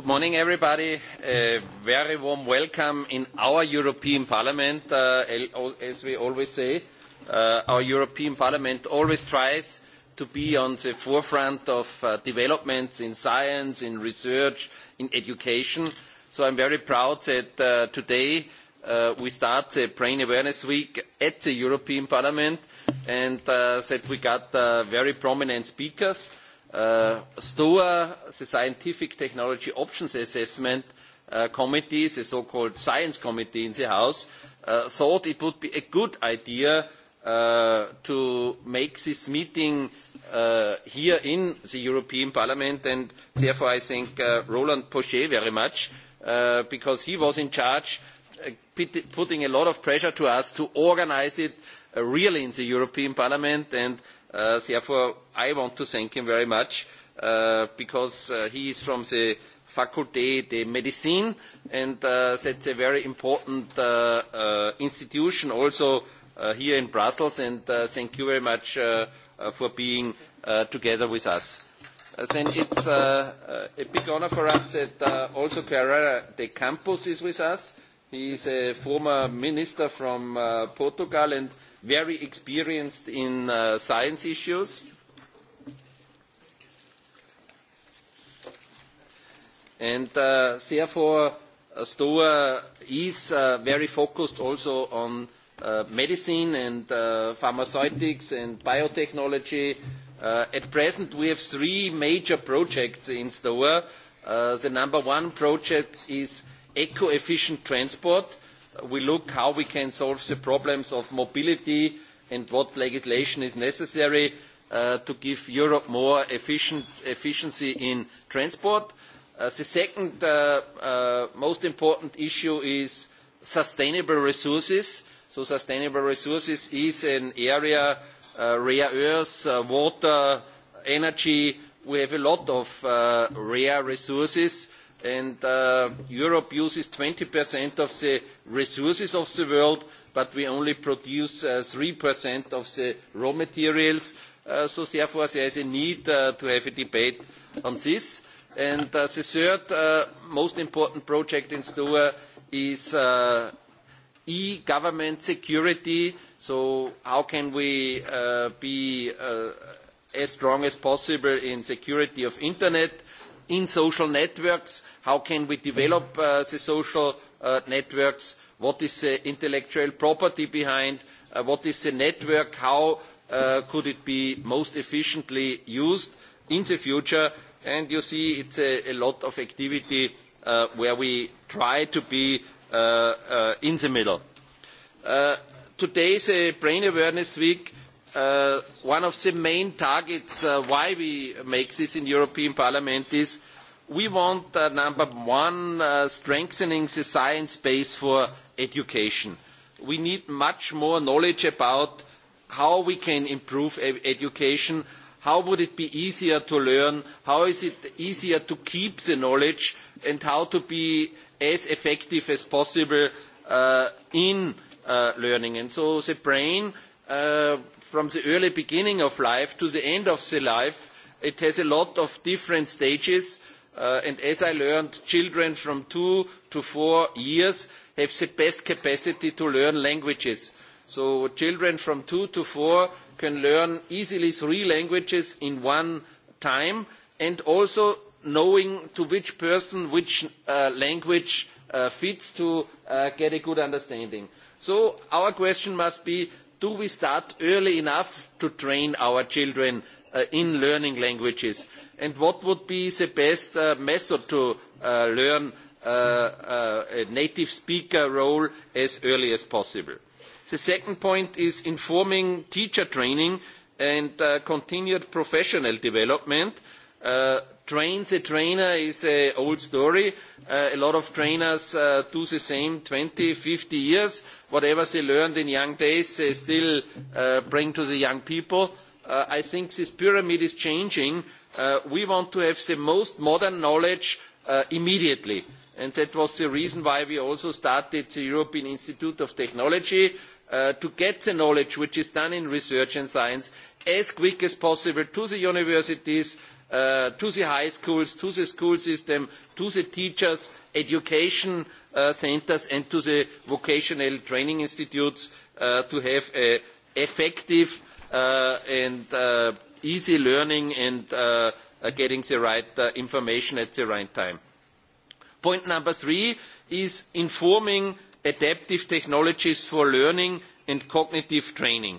Good morning, everybody. A very warm welcome in our European Parliament. Uh, as we always say, uh, our European Parliament always tries to be on the forefront of uh, developments in science, in research, in education. So I'm very proud that uh, today uh, we start the Brain Awareness Week at the European Parliament and uh, that we got uh, very prominent speakers. Uh, Uh, STOA, the Scientific Technology Options Assessment uh, Committee, the so-called Science Committee in the House, uh, thought it would be a good idea uh, to make this meeting uh, here in the European Parliament, and therefore I thank uh, Roland Pochet very much, uh, because he was in charge uh, putting a lot of pressure to us to organize it uh, really in the European Parliament, and uh, Uh, therefore, I want to thank him very much uh, because uh, he is from the Faculté de Médecine and uh, that's a very important uh, uh, institution also uh, here in Brussels and uh, thank you very much uh, uh, for being uh, together with us. Uh, then it's uh, uh, a big honor for us that uh, also Carrera de Campos is with us. He is a former minister from uh, Portugal and uh, very experienced in uh, science issues. And uh, therefore, uh, STOA is uh, very focused also on uh, medicine and uh, pharmaceutics and biotechnology. Uh, at present, we have three major projects in STOA. Uh, the number one project is eco-efficient transport, we look how we can solve the problems of mobility and what legislation is necessary uh, to give Europe more efficient, efficiency in transport. Uh, the second uh, uh, most important issue is sustainable resources. So sustainable resources is an area, uh, rare earths, uh, water, energy. We have a lot of uh, rare resources. Uh, and uh, Europe uses 20% of the resources of the world, but we only produce uh, 3% of the raw materials. Uh, so therefore, there is a need uh, to have a debate on this. And uh, the third uh, most important project in STOA is uh, e-government security. So how can we uh, be uh, as strong as possible in security of Internet? Uh, in social networks, how can we develop mm-hmm. uh, the social uh, networks, what is the intellectual property behind, uh, what is the network, how uh, could it be most efficiently used in the future. And you see it's a, a lot of activity uh, where we try to be uh, uh, in the middle. Uh, today is a Brain Awareness Week uh, one of the main targets uh, why we make this in European Parliament is we want, uh, number one, uh, strengthening the science base for education. We need much more knowledge about how we can improve e education, how would it be easier to learn, how is it easier to keep the knowledge, and how to be as effective as possible uh, in uh, learning. And so the brain uh, from the early beginning of life to the end of the life, it has a lot of different stages. Uh, and as I learned, children from two to four years have the best capacity to learn languages. So children from two to four can learn easily three languages in one time and also knowing to which person which uh, language uh, fits to uh, get a good understanding. So our question must be do we start early enough to train our children uh, in learning languages? And what would be the best uh, method to uh, learn uh, uh, a native speaker role as early as possible? The second point is informing teacher training and uh, continued professional development. Uh, Uh, train the trainer is an old story. Uh, a lot of trainers uh, do the same 20, 50 years. Whatever they learned in young days, they still uh, bring to the young people. Uh, I think this pyramid is changing. Uh, we want to have the most modern knowledge uh, immediately. And that was the reason why we also started the European Institute of Technology uh, to get the knowledge which is done in research and science as quick as possible to the universities, uh, to the high schools, to the school system, to the teachers, education uh, centers and to the vocational training institutes uh, to have an effective uh, and uh, easy learning and uh, getting the right uh, information at the right time. Point number three is informing adaptive technologies for learning and cognitive training.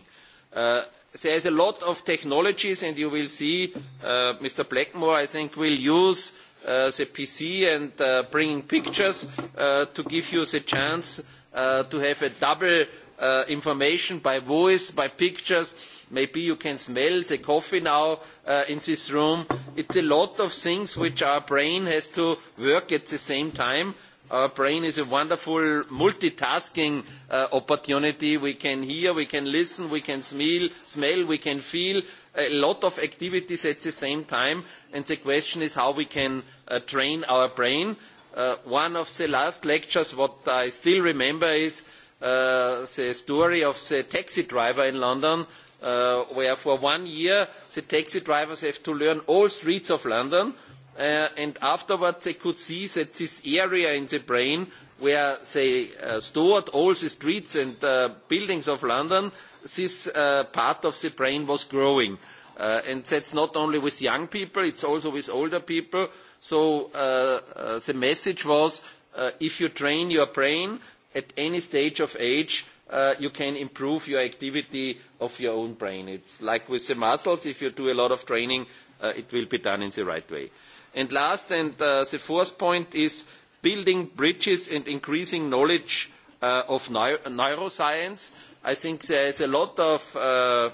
Uh, there is a lot of technologies, and you will see uh, Mr. Blackmore, I think, will use uh, the PC and uh, bringing pictures uh, to give you the chance uh, to have a double uh, information by voice, by pictures. Maybe you can smell the coffee now uh, in this room. It's a lot of things which our brain has to work at the same time Our brain is a wonderful multitasking uh, opportunity. We can hear, we can listen, we can smell, smell, we can feel a lot of activities at the same time. And the question is how we can uh, train our brain. Uh, one of the last lectures, what I still remember is uh, the story of the taxi driver in London uh, where for one year the taxi drivers have to learn all streets of London uh, uh, and afterwards they could see that this area in the brain where they uh, stored all the streets and uh, buildings of London, this uh, part of the brain was growing. Uh, and that's not only with young people, it's also with older people. So uh, uh, the message was, uh, if you train your brain at any stage of age, uh, you can improve your activity of your own brain. It's like with the muscles, if you do a lot of training, uh, it will be done in the right way. Uh, And last, and uh, the fourth point is building bridges and increasing knowledge uh, of neuro neuroscience. I think there is a lot of uh,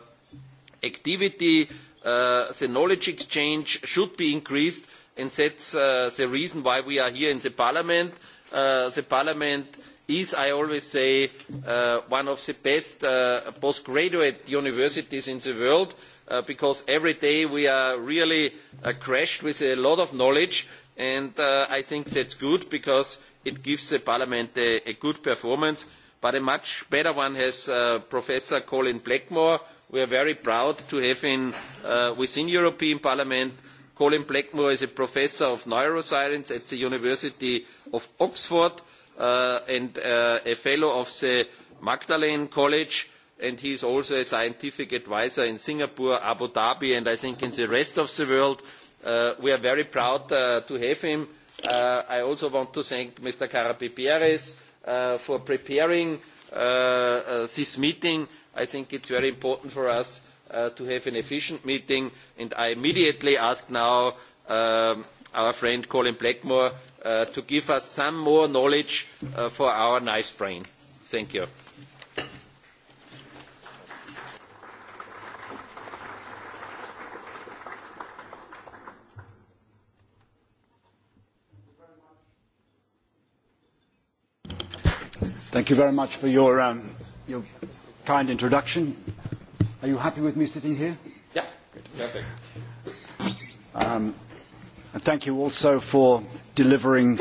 activity. Uh, the knowledge exchange should be increased, and that's uh, the reason why we are here in the parliament. Uh, the parliament is, I always say, uh, one of the best uh, postgraduate universities in the world. Uh, uh, because every day we are really uh, crashed with a lot of knowledge and uh, I think that's good because it gives the Parliament a, a good performance. But a much better one has uh, Professor Colin Blackmore. We are very proud to have him uh, within European Parliament. Colin Blackmore is a professor of neuroscience at the University of Oxford uh, and uh, a fellow of the Magdalene College and he is also a scientific advisor in Singapore, Abu Dhabi, and I think in the rest of the world. Uh, we are very proud uh, to have him. Uh, I also want to thank Mr. Karapiperis uh, for preparing uh, uh, this meeting. I think it's very important for us uh, to have an efficient meeting, and I immediately ask now um, our friend Colin Blackmore uh, to give us some more knowledge uh, for our nice brain. Thank you. Thank you very much for your, um, your kind introduction. Are you happy with me sitting here? Yeah, good. Perfect. Um, and thank you also for delivering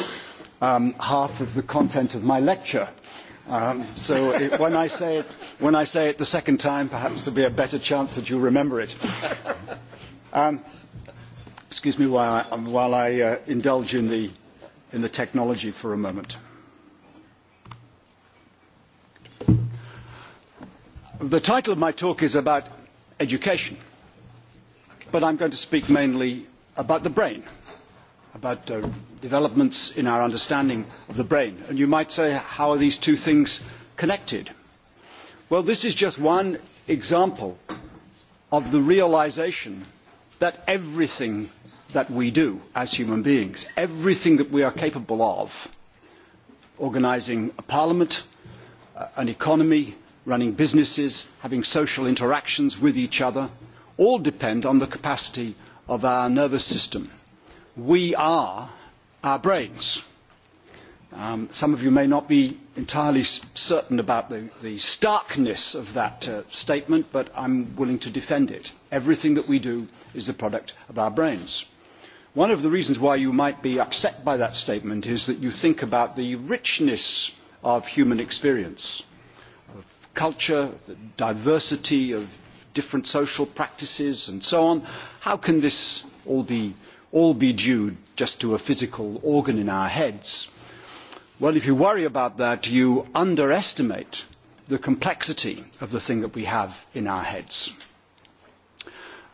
um, half of the content of my lecture. Um, so it, when, I say it, when I say it the second time, perhaps there'll be a better chance that you'll remember it. Um, excuse me while I, um, while I uh, indulge in the, in the technology for a moment. The title of my talk is about education, but I'm going to speak mainly about the brain, about uh, developments in our understanding of the brain. And you might say, how are these two things connected? Well, this is just one example of the realization that everything that we do as human beings, everything that we are capable of, organizing a parliament, uh, an economy, running businesses, having social interactions with each other, all depend on the capacity of our nervous system. We are our brains. Um, some of you may not be entirely certain about the, the starkness of that uh, statement, but I'm willing to defend it. Everything that we do is the product of our brains. One of the reasons why you might be upset by that statement is that you think about the richness of human experience. Uh, culture, the diversity of different social practices and so on. How can this all be, all be due just to a physical organ in our heads? Well, if you worry about that, you underestimate the complexity of the thing that we have in our heads.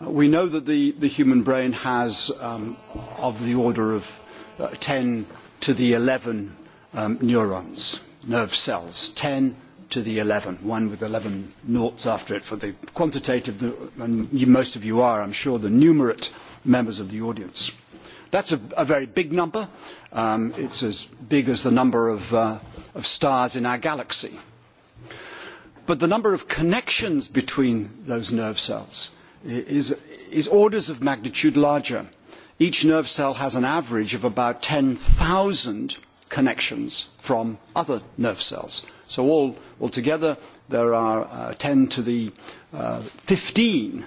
Uh, we know that the, the human brain has um, of the order of uh, 10 to the 11 um, neurons, nerve cells, 10 to the 11, one with 11 noughts after it for the quantitative, the, and you, most of you are, I'm sure, the numerate members of the audience. That's a, a very big number. Um, it's as big as the number of, uh, of stars in our galaxy. But the number of connections between those nerve cells is, is orders of magnitude larger. Each nerve cell has an average of about 10,000 connections from other nerve cells. So all, altogether, there are uh, 10 to the uh, 15,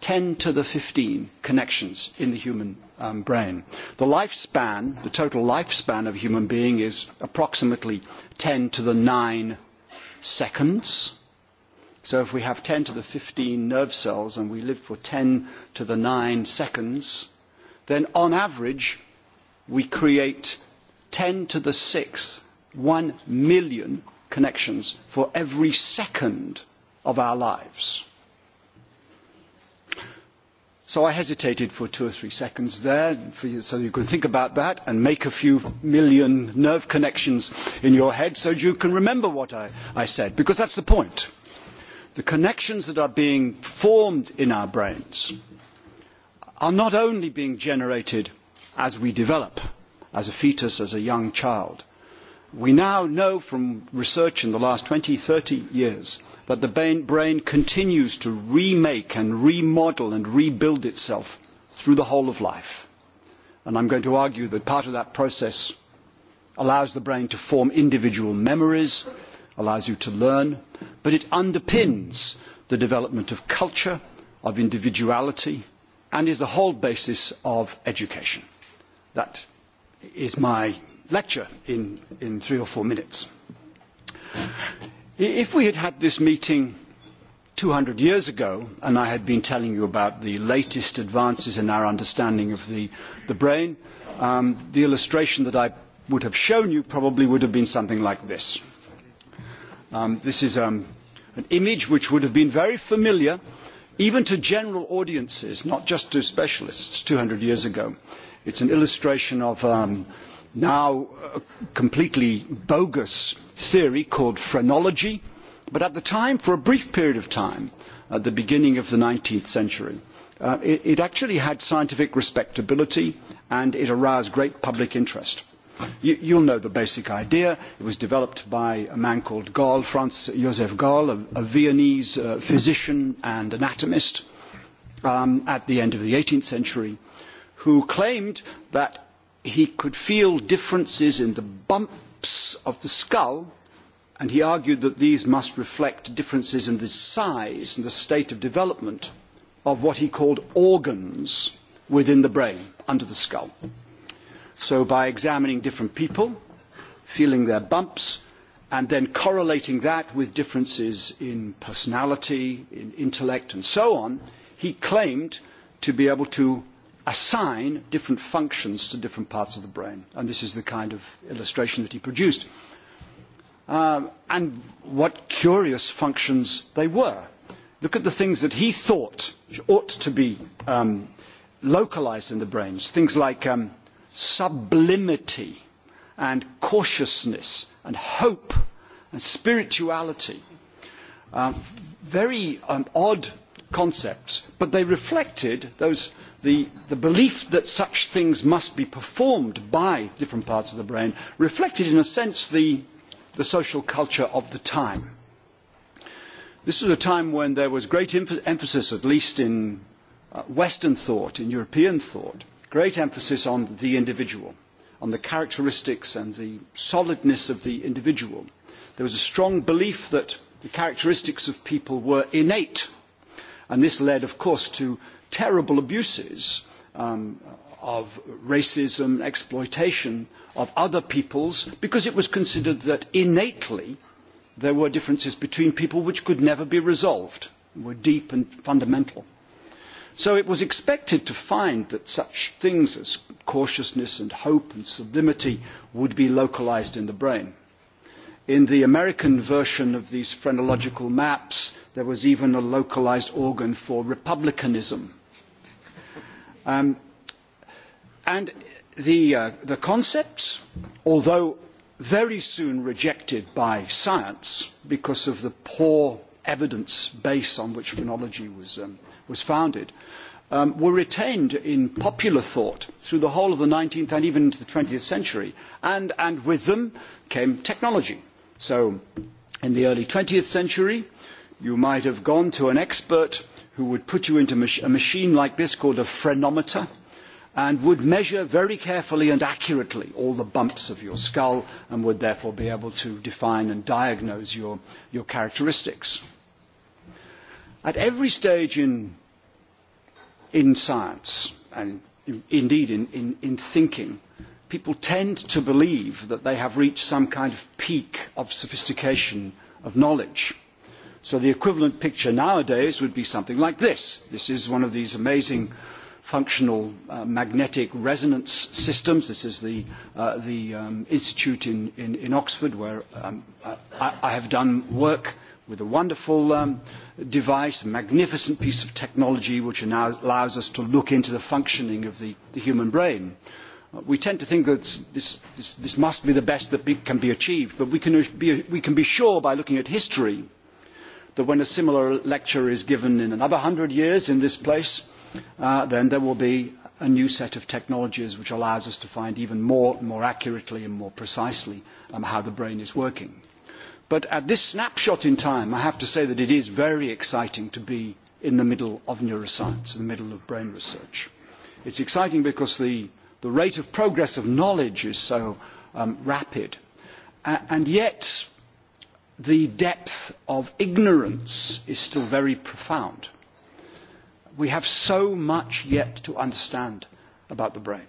10 to the 15 connections in the human um, brain. The lifespan, the total lifespan of a human being is approximately 10 to the 9 seconds. So if we have 10 to the 15 nerve cells and we live for 10 to the 9 seconds, then on average, we create 10 to the 6, 1 million connections for every second of our lives. So I hesitated for two or three seconds there, for you, so you can think about that and make a few million nerve connections in your head so you can remember what I, I said, because that's the point. The connections that are being formed in our brains are not only being generated as we develop, as a fetus, as a young child, We now know from research in the last 20, 30 years that the brain continues to remake and remodel and rebuild itself through the whole of life. And I'm going to argue that part of that process allows the brain to form individual memories, allows you to learn, but it underpins the development of culture, of individuality, and is the whole basis of education. That is my lecture in, in three or four minutes. If we had had this meeting 200 years ago, and I had been telling you about the latest advances in our understanding of the, the brain, um, the illustration that I would have shown you probably would have been something like this. Um, this is um, an image which would have been very familiar even to general audiences, not just to specialists, 200 years ago. It's an illustration of um, uh, now a completely bogus theory called phrenology, but at the time, for a brief period of time, at the beginning of the 19th century, uh, it, it actually had scientific respectability and it aroused great public interest. You, you'll know the basic idea. It was developed by a man called Gall, Franz Josef Gall, a, a Viennese uh, physician and anatomist um, at the end of the 18th century, who claimed that he could feel differences in the bumps of the skull, and he argued that these must reflect differences in the size and the state of development of what he called organs within the brain, under the skull. So by examining different people, feeling their bumps, and then correlating that with differences in personality, in intellect, and so on, he claimed to be able to assign different functions to different parts of the brain. And this is the kind of illustration that he produced. Um, and what curious functions they were. Look at the things that he thought ought to be um, localized in the brains. Things like um, sublimity and cautiousness and hope and spirituality. Um, very um, odd concepts, but they reflected those the, the belief that such things must be performed by different parts of the brain reflected, in a sense, the, the social culture of the time. This was a time when there was great emph- emphasis, at least in uh, Western thought, in European thought, great emphasis on the individual, on the characteristics and the solidness of the individual. There was a strong belief that the characteristics of people were innate. And this led, of course, to terrible abuses um, of racism, exploitation of other peoples, because it was considered that innately there were differences between people which could never be resolved, were deep and fundamental. So it was expected to find that such things as cautiousness and hope and sublimity would be localized in the brain. In the American version of these phrenological maps, there was even a localized organ for republicanism. Um, and the, uh, the concepts, although very soon rejected by science because of the poor evidence base on which phrenology was, um, was founded, um, were retained in popular thought through the whole of the 19th and even into the 20th century. And, and with them came technology. So in the early 20th century, you might have gone to an expert who would put you into mach- a machine like this called a phrenometer and would measure very carefully and accurately all the bumps of your skull and would therefore be able to define and diagnose your, your characteristics. At every stage in, in science, and indeed in, in, in thinking, people tend to believe that they have reached some kind of peak of sophistication of knowledge. So the equivalent picture nowadays would be something like this. This is one of these amazing functional uh, magnetic resonance systems. This is the, uh, the um, institute in, in, in Oxford where um, I, I have done work with a wonderful um, device, a magnificent piece of technology which now allows us to look into the functioning of the, the human brain. Uh, Uh, we tend to think that this, this, this must be the best that can be achieved, but we can uh, be, we can be sure by looking at history that when a similar lecture is given in another hundred years in this place, uh, then there will be a new set of technologies which allows us to find even more, more accurately and more precisely um, how the brain is working. But at this snapshot in time, I have to say that it is very exciting to be in the middle of neuroscience, in the middle of brain research. It's exciting because the, uh, the rate of progress of knowledge is so um, rapid. A and yet, the depth of ignorance is still very profound. We have so much yet to understand about the brain.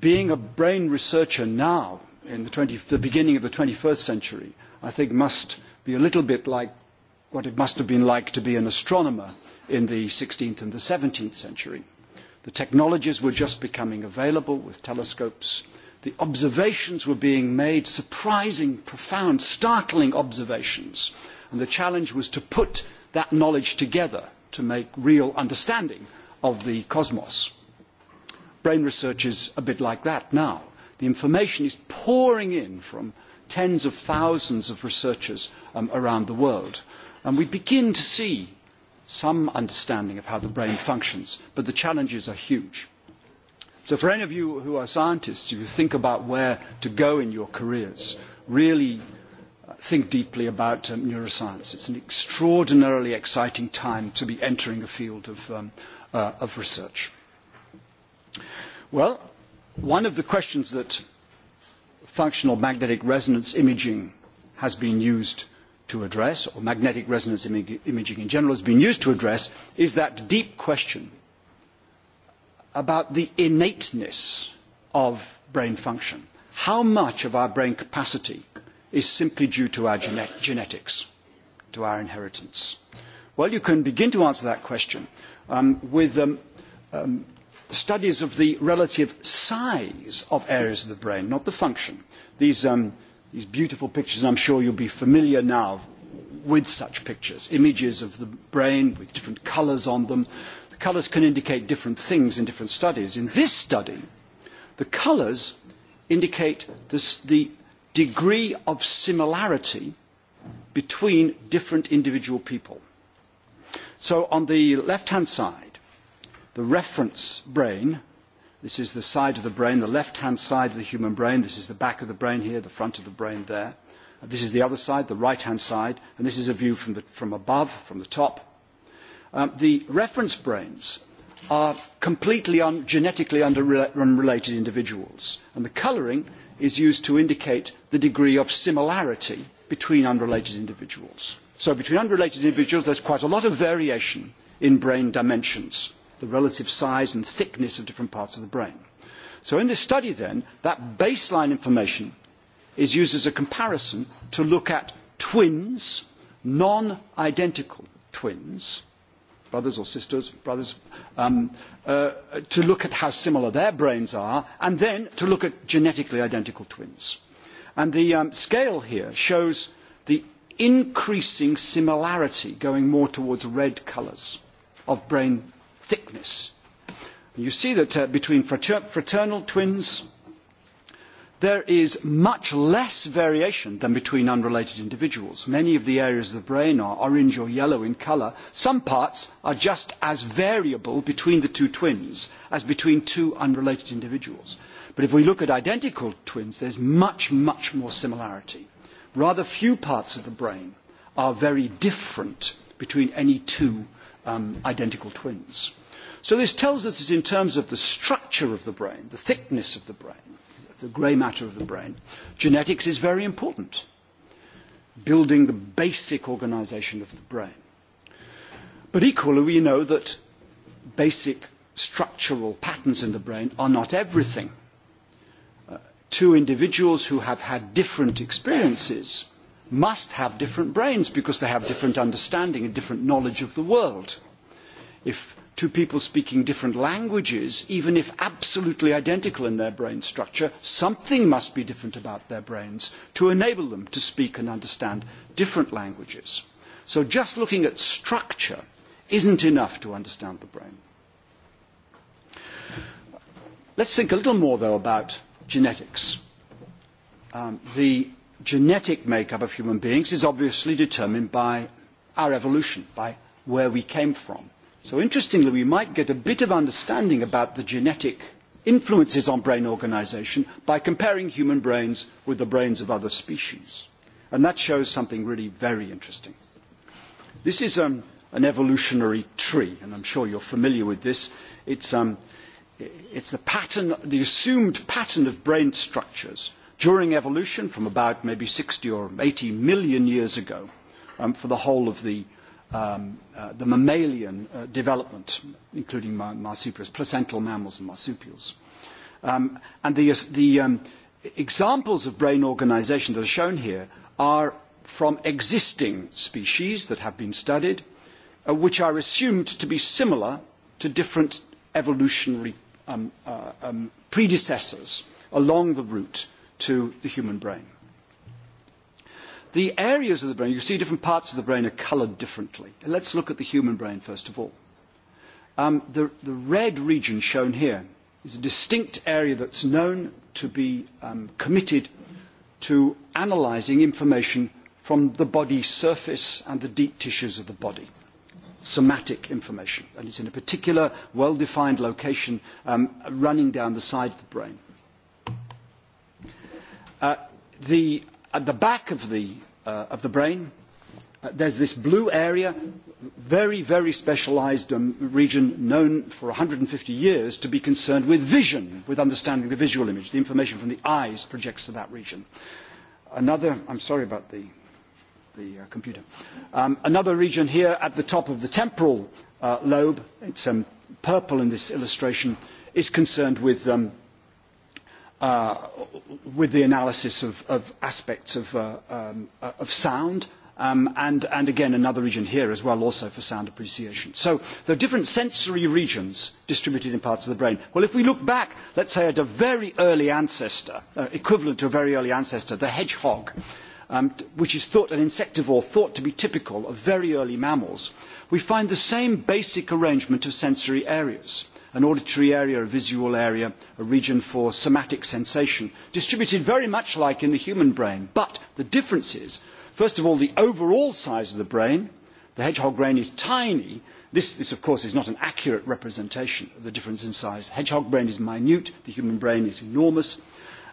Being a brain researcher now, in the, 20, the beginning of the 21st century, I think must be a little bit like what it must have been like to be an astronomer in the 16th and the 17th century. The technologies were just becoming available with telescopes. The observations were being made, surprising, profound, startling observations. And the challenge was to put that knowledge together to make real understanding of the cosmos. Brain research is a bit like that now. The information is pouring in from tens of thousands of researchers um, around the world. And we begin to see some understanding of how the brain functions, but the challenges are huge. So for any of you who are scientists, if you think about where to go in your careers, really uh, think deeply about um, neuroscience. It's an extraordinarily exciting time to be entering a field of, um, uh, of research. Well, one of the questions that functional magnetic resonance imaging has been used to address, or magnetic resonance Im imaging in general has been used to address, is that deep question about the innateness of brain function. How much of our brain capacity is simply due to our gene genetics, to our inheritance? Well, you can begin to answer that question um, with um, um, studies of the relative size of areas of the brain, not the function. These um, uh, these beautiful pictures, and I'm sure you'll be familiar now with such pictures, images of the brain with different colours on them. The colours can indicate different things in different studies. In this study, the colours indicate this, the degree of similarity between different individual people. So on the left-hand side, the reference brain This is the side of the brain, the left-hand side of the human brain. This is the back of the brain here, the front of the brain there. This is the other side, the right-hand side, and this is a view from, the, from above, from the top. Um, the reference brains are completely un, genetically under, unrelated individuals, and the colouring is used to indicate the degree of similarity between unrelated individuals. So between unrelated individuals, there's quite a lot of variation in brain dimensions the relative size and thickness of different parts of the brain. So in this study then, that baseline information is used as a comparison to look at twins, non-identical twins, brothers or sisters, brothers, um, uh, to look at how similar their brains are, and then to look at genetically identical twins. And the um, scale here shows the increasing similarity going more towards red colours of brain thickness. You see that uh, between frater fraternal twins, there is much less variation than between unrelated individuals. Many of the areas of the brain are orange or yellow in colour. Some parts are just as variable between the two twins as between two unrelated individuals. But if we look at identical twins, there's much, much more similarity. Rather few parts of the brain are very different between any two um, identical twins. So this tells us that in terms of the structure of the brain, the thickness of the brain, the grey matter of the brain, genetics is very important, building the basic organisation of the brain. But equally, we know that basic structural patterns in the brain are not everything. Uh, two individuals who have had different experiences must have different brains because they have different understanding and different knowledge of the world. If two people speaking different languages, even if absolutely identical in their brain structure, something must be different about their brains to enable them to speak and understand different languages. So just looking at structure isn't enough to understand the brain. Let's think a little more, though, about genetics. Um, the genetic makeup of human beings is obviously determined by our evolution, by where we came from. So interestingly, we might get a bit of understanding about the genetic influences on brain organization by comparing human brains with the brains of other species. And that shows something really very interesting. This is um, an evolutionary tree, and I'm sure you're familiar with this. It's, um, it's the pattern, the assumed pattern of brain structures during evolution from about maybe 60 or 80 million years ago um, for the whole of the, um, uh, the mammalian uh, development, including ma- marsupials, placental mammals and marsupials. Um, and the, uh, the um, examples of brain organization that are shown here are from existing species that have been studied, uh, which are assumed to be similar to different evolutionary um, uh, um, predecessors along the route to the human brain. The areas of the brain, you see different parts of the brain are coloured differently. Let's look at the human brain first of all. Um, the, the red region shown here is a distinct area that's known to be um, committed to analysing information from the body surface and the deep tissues of the body, somatic information. And it's in a particular, well-defined location um, running down the side of the brain. Uh, the, at the back of the, uh, of the brain, uh, there's this blue area, very, very specialized um, region known for 150 years to be concerned with vision, with understanding the visual image. The information from the eyes projects to that region. Another, I'm sorry about the, the uh, computer. Um, another region here at the top of the temporal uh, lobe, it's um, purple in this illustration, is concerned with um, uh, with the analysis of, of aspects of, uh, um, uh, of sound, um, and, and again another region here as well also for sound appreciation. So there are different sensory regions distributed in parts of the brain. Well, if we look back, let's say at a very early ancestor, uh, equivalent to a very early ancestor, the hedgehog, um, which is thought an insectivore, thought to be typical of very early mammals, we find the same basic arrangement of sensory areas an auditory area, a visual area, a region for somatic sensation, distributed very much like in the human brain. But the difference is, first of all, the overall size of the brain. The hedgehog brain is tiny. This, this, of course, is not an accurate representation of the difference in size. The hedgehog brain is minute. The human brain is enormous.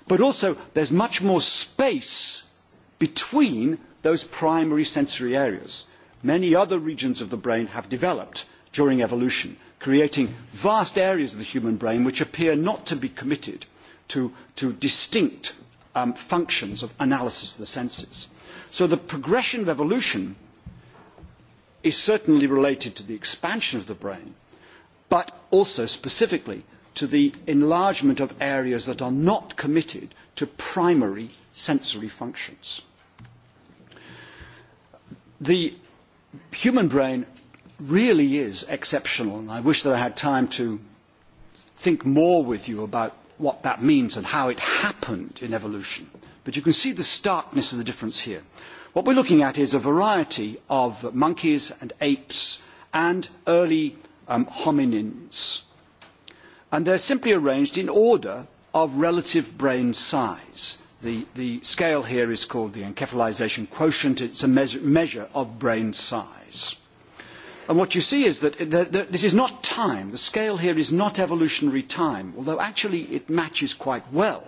But also, there's much more space between those primary sensory areas. Many other regions of the brain have developed during evolution creating vast areas of the human brain which appear not to be committed to, to distinct um, functions of analysis of the senses. So the progression of evolution is certainly related to the expansion of the brain, but also specifically to the enlargement of areas that are not committed to primary sensory functions. The human brain really is exceptional, and I wish that I had time to think more with you about what that means and how it happened in evolution. But you can see the starkness of the difference here. What we're looking at is a variety of monkeys and apes and early um, hominins. And they're simply arranged in order of relative brain size. The, the scale here is called the encephalization quotient. It's a measure, measure of brain size. And what you see is that, that, that this is not time. The scale here is not evolutionary time, although actually it matches quite well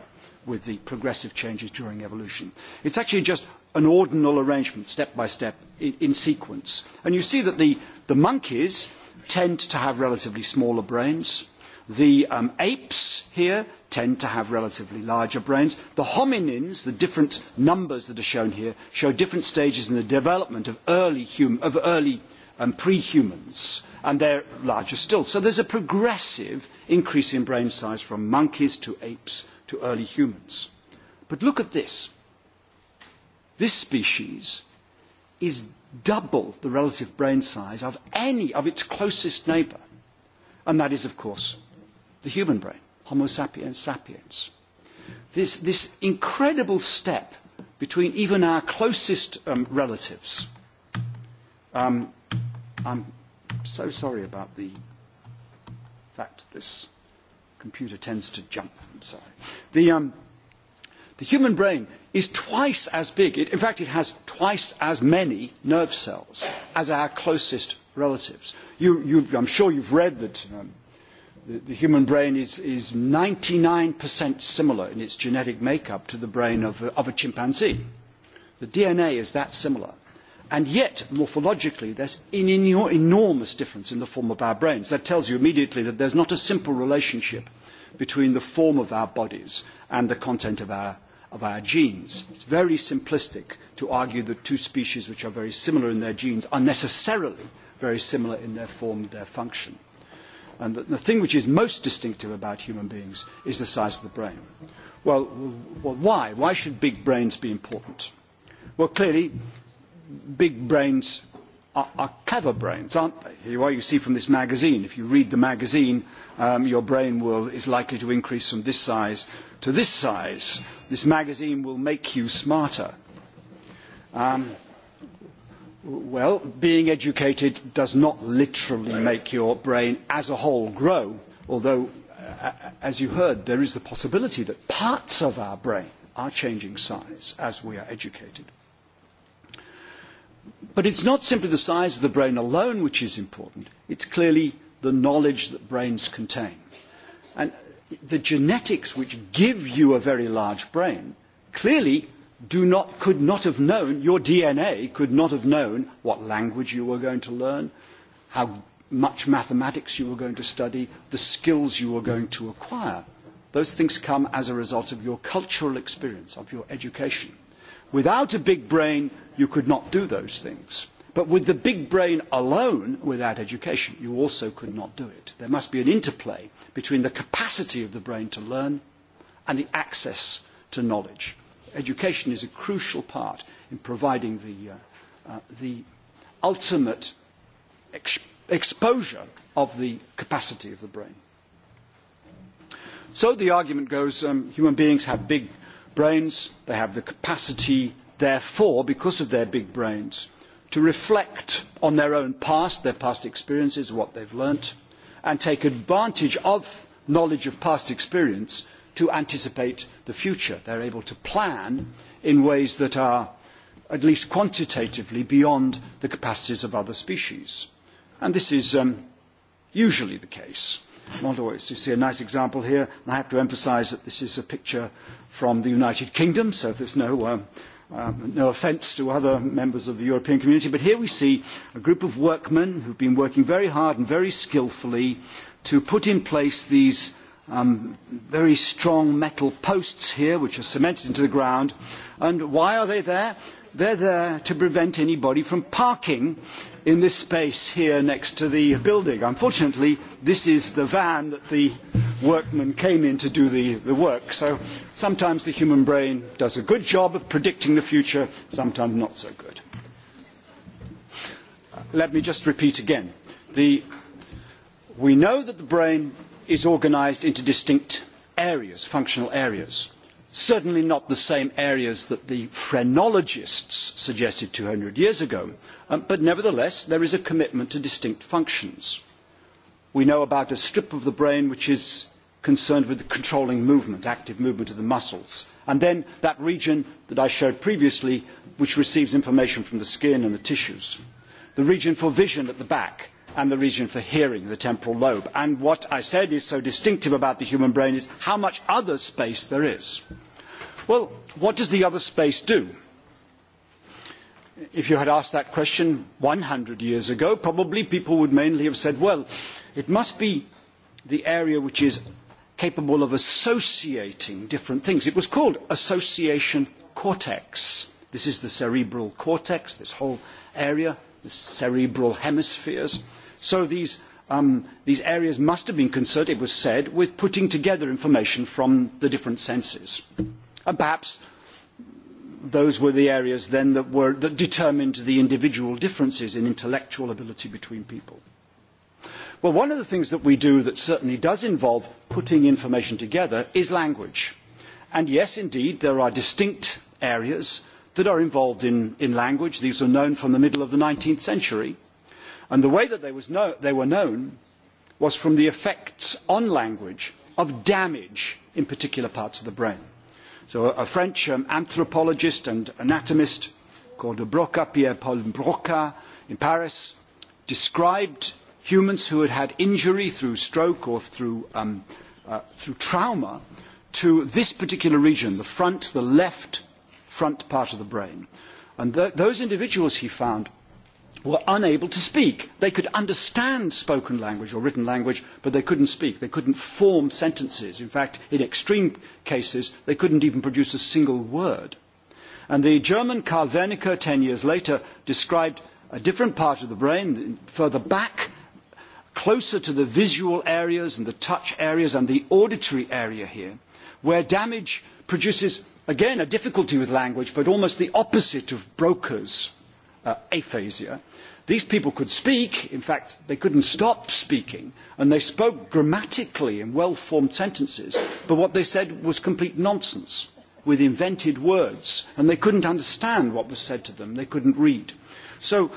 with the progressive changes during evolution. It's actually just an ordinal arrangement, step by step, in, in sequence. And you see that the, the monkeys tend to have relatively smaller brains. The um, apes here tend to have relatively larger brains. The hominins, the different numbers that are shown here, show different stages in the development of early, hum- of early humans and pre-humans, and they're larger still. So there's a progressive increase in brain size from monkeys to apes to early humans. But look at this. This species is double the relative brain size of any of its closest neighbour, and that is, of course, the human brain, Homo sapiens sapiens. This, this incredible step between even our closest um, relatives um, I'm so sorry about the fact this computer tends to jump. I'm sorry. The, um, the human brain is twice as big. It, in fact, it has twice as many nerve cells as our closest relatives. You, you, I'm sure you've read that um, the, the human brain is, is 99% similar in its genetic makeup to the brain of a, of a chimpanzee. The DNA is that similar. And yet, morphologically, there's an eno- enormous difference in the form of our brains. That tells you immediately that there's not a simple relationship between the form of our bodies and the content of our, of our genes. It's very simplistic to argue that two species which are very similar in their genes are necessarily very similar in their form, their function. And the, the thing which is most distinctive about human beings is the size of the brain. Well, well, why? Why should big brains be important? Well, clearly, big brains are, are clever brains, aren't they? What you see from this magazine, if you read the magazine, um, your brain will, is likely to increase from this size to this size. This magazine will make you smarter. Um, well, being educated does not literally make your brain as a whole grow, although, uh, as you heard, there is the possibility that parts of our brain are changing size as we are educated. But it's not simply the size of the brain alone which is important, it's clearly the knowledge that brains contain. And the genetics which give you a very large brain clearly do not, could not have known, your DNA could not have known what language you were going to learn, how much mathematics you were going to study, the skills you were going to acquire. Those things come as a result of your cultural experience, of your education. Without a big brain, you could not do those things. But with the big brain alone, without education, you also could not do it. There must be an interplay between the capacity of the brain to learn and the access to knowledge. Education is a crucial part in providing the, uh, uh, the ultimate ex- exposure of the capacity of the brain. So the argument goes um, human beings have big brains, they have the capacity therefore, because of their big brains, to reflect on their own past, their past experiences, what they've learnt, and take advantage of knowledge of past experience to anticipate the future. They're able to plan in ways that are, at least quantitatively, beyond the capacities of other species. And this is um, usually the case. Not always. You see a nice example here, and I have to emphasize that this is a picture from the United Kingdom, so there's no um, Um, no offence to other members of the European community, but here we see a group of workmen who've been working very hard and very skillfully to put in place these um, very strong metal posts here, which are cemented into the ground. And why are they there? They're there to prevent anybody from parking in this space here next to the building. Unfortunately, this is the van that the workmen came in to do the, the work. So sometimes the human brain does a good job of predicting the future, sometimes not so good. Let me just repeat again. The, we know that the brain is organized into distinct areas, functional areas certainly not the same areas that the phrenologists suggested 200 years ago, um, but nevertheless there is a commitment to distinct functions. We know about a strip of the brain which is concerned with the controlling movement, active movement of the muscles, and then that region that I showed previously which receives information from the skin and the tissues, the region for vision at the back, and the region for hearing, the temporal lobe. And what I said is so distinctive about the human brain is how much other space there is. Well, what does the other space do? If you had asked that question 100 years ago, probably people would mainly have said, well, it must be the area which is capable of associating different things. It was called association cortex. This is the cerebral cortex, this whole area the cerebral hemispheres. So these, um, these areas must have been concerned, it was said, with putting together information from the different senses. And perhaps those were the areas then that, were, that determined the individual differences in intellectual ability between people. Well, one of the things that we do that certainly does involve putting information together is language. And yes, indeed, there are distinct areas that are involved in, in language. These were known from the middle of the 19th century. And the way that they, was know, they were known was from the effects on language of damage in particular parts of the brain. So a French um, anthropologist and anatomist called Broca, Pierre-Paul Broca, in Paris, described humans who had had injury through stroke or through, um, uh, through trauma to this particular region, the front, the left front part of the brain. And th those individuals, he found, were unable to speak. They could understand spoken language or written language, but they couldn't speak. They couldn't form sentences. In fact, in extreme cases, they couldn't even produce a single word. And the German Karl Wernicke, 10 years later, described a different part of the brain, further back, closer to the visual areas and the touch areas and the auditory area here, where damage produces again, a difficulty with language, but almost the opposite of Broca's uh, aphasia. These people could speak. In fact, they couldn't stop speaking. And they spoke grammatically in well formed sentences. But what they said was complete nonsense with invented words. And they couldn't understand what was said to them. They couldn't read. So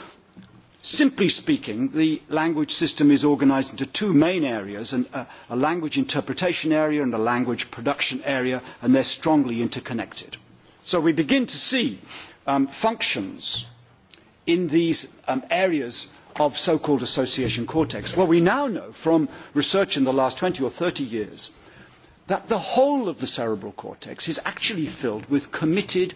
Simply speaking, the language system is organized into two main areas, and, uh, a language interpretation area and a language production area, and they're strongly interconnected. So we begin to see um, functions in these um, areas of so-called association cortex. Well, we now know from research in the last 20 or 30 years that the whole of the cerebral cortex is actually filled with committed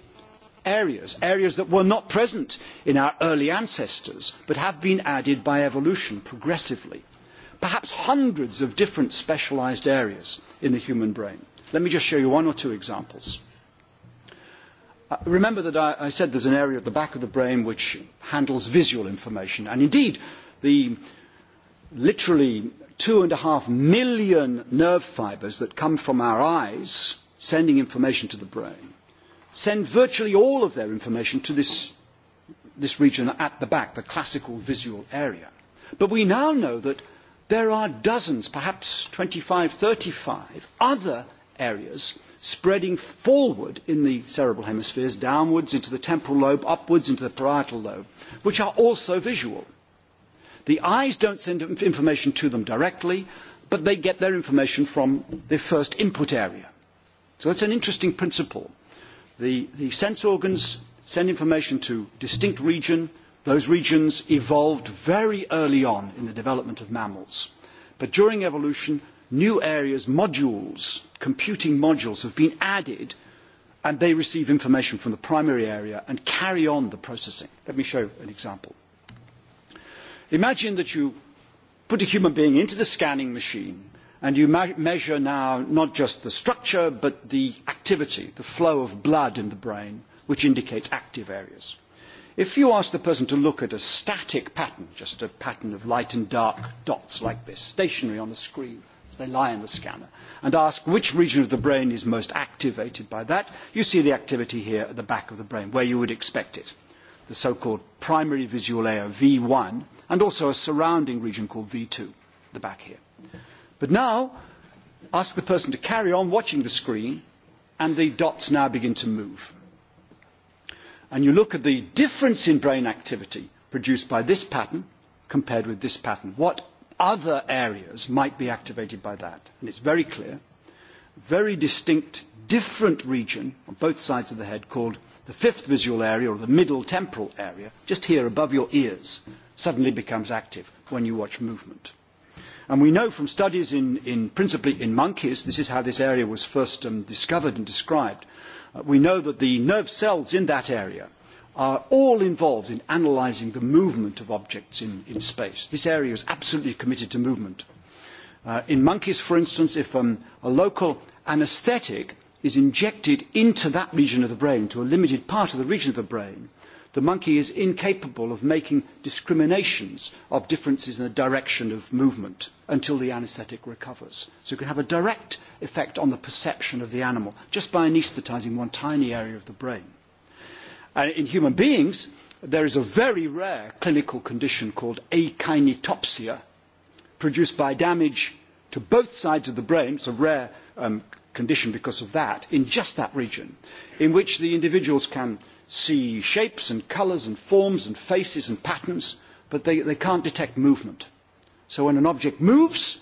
areas, areas that were not present in our early ancestors, but have been added by evolution progressively. Perhaps hundreds of different specialized areas in the human brain. Let me just show you one or two examples. Uh, remember that I, I said there's an area at the back of the brain which handles visual information, and indeed, the literally two and a half million nerve fibers that come from our eyes sending information to the brain send virtually all of their information to this, this region at the back, the classical visual area. But we now know that there are dozens, perhaps 25, 35 other areas spreading forward in the cerebral hemispheres, downwards into the temporal lobe, upwards into the parietal lobe, which are also visual. The eyes don't send information to them directly, but they get their information from their first input area. So that's an interesting principle. The, the sense organs send information to distinct region. Those regions evolved very early on in the development of mammals. But during evolution, new areas, modules, computing modules have been added and they receive information from the primary area and carry on the processing. Let me show an example. Imagine that you put a human being into the scanning machine And you measure now not just the structure, but the activity, the flow of blood in the brain, which indicates active areas. If you ask the person to look at a static pattern, just a pattern of light and dark dots like this, stationary on a screen as they lie in the scanner, and ask which region of the brain is most activated by that, you see the activity here at the back of the brain, where you would expect it, the so-called primary visual area, V1, and also a surrounding region called V2, the back here. But now, ask the person to carry on watching the screen, and the dots now begin to move. And you look at the difference in brain activity produced by this pattern compared with this pattern. What other areas might be activated by that? And it's very clear, very distinct, different region on both sides of the head called the fifth visual area or the middle temporal area, just here above your ears, suddenly becomes active when you watch movement. And we know from studies in, in principally in monkeys, this is how this area was first um, discovered and described, uh, we know that the nerve cells in that area are all involved in analysing the movement of objects in, in space. This area is absolutely committed to movement. Uh, in monkeys, for instance, if um, a local anaesthetic is injected into that region of the brain, to a limited part of the region of the brain, uh, The monkey is incapable of making discriminations of differences in the direction of movement until the anaesthetic recovers. So it can have a direct effect on the perception of the animal just by anaesthetizing one tiny area of the brain. And in human beings, there is a very rare clinical condition called akinetopsia, produced by damage to both sides of the brain. It's a rare um, condition because of that, in just that region, in which the individuals can see shapes and colours and forms and faces and patterns, but they, they can't detect movement. So when an object moves,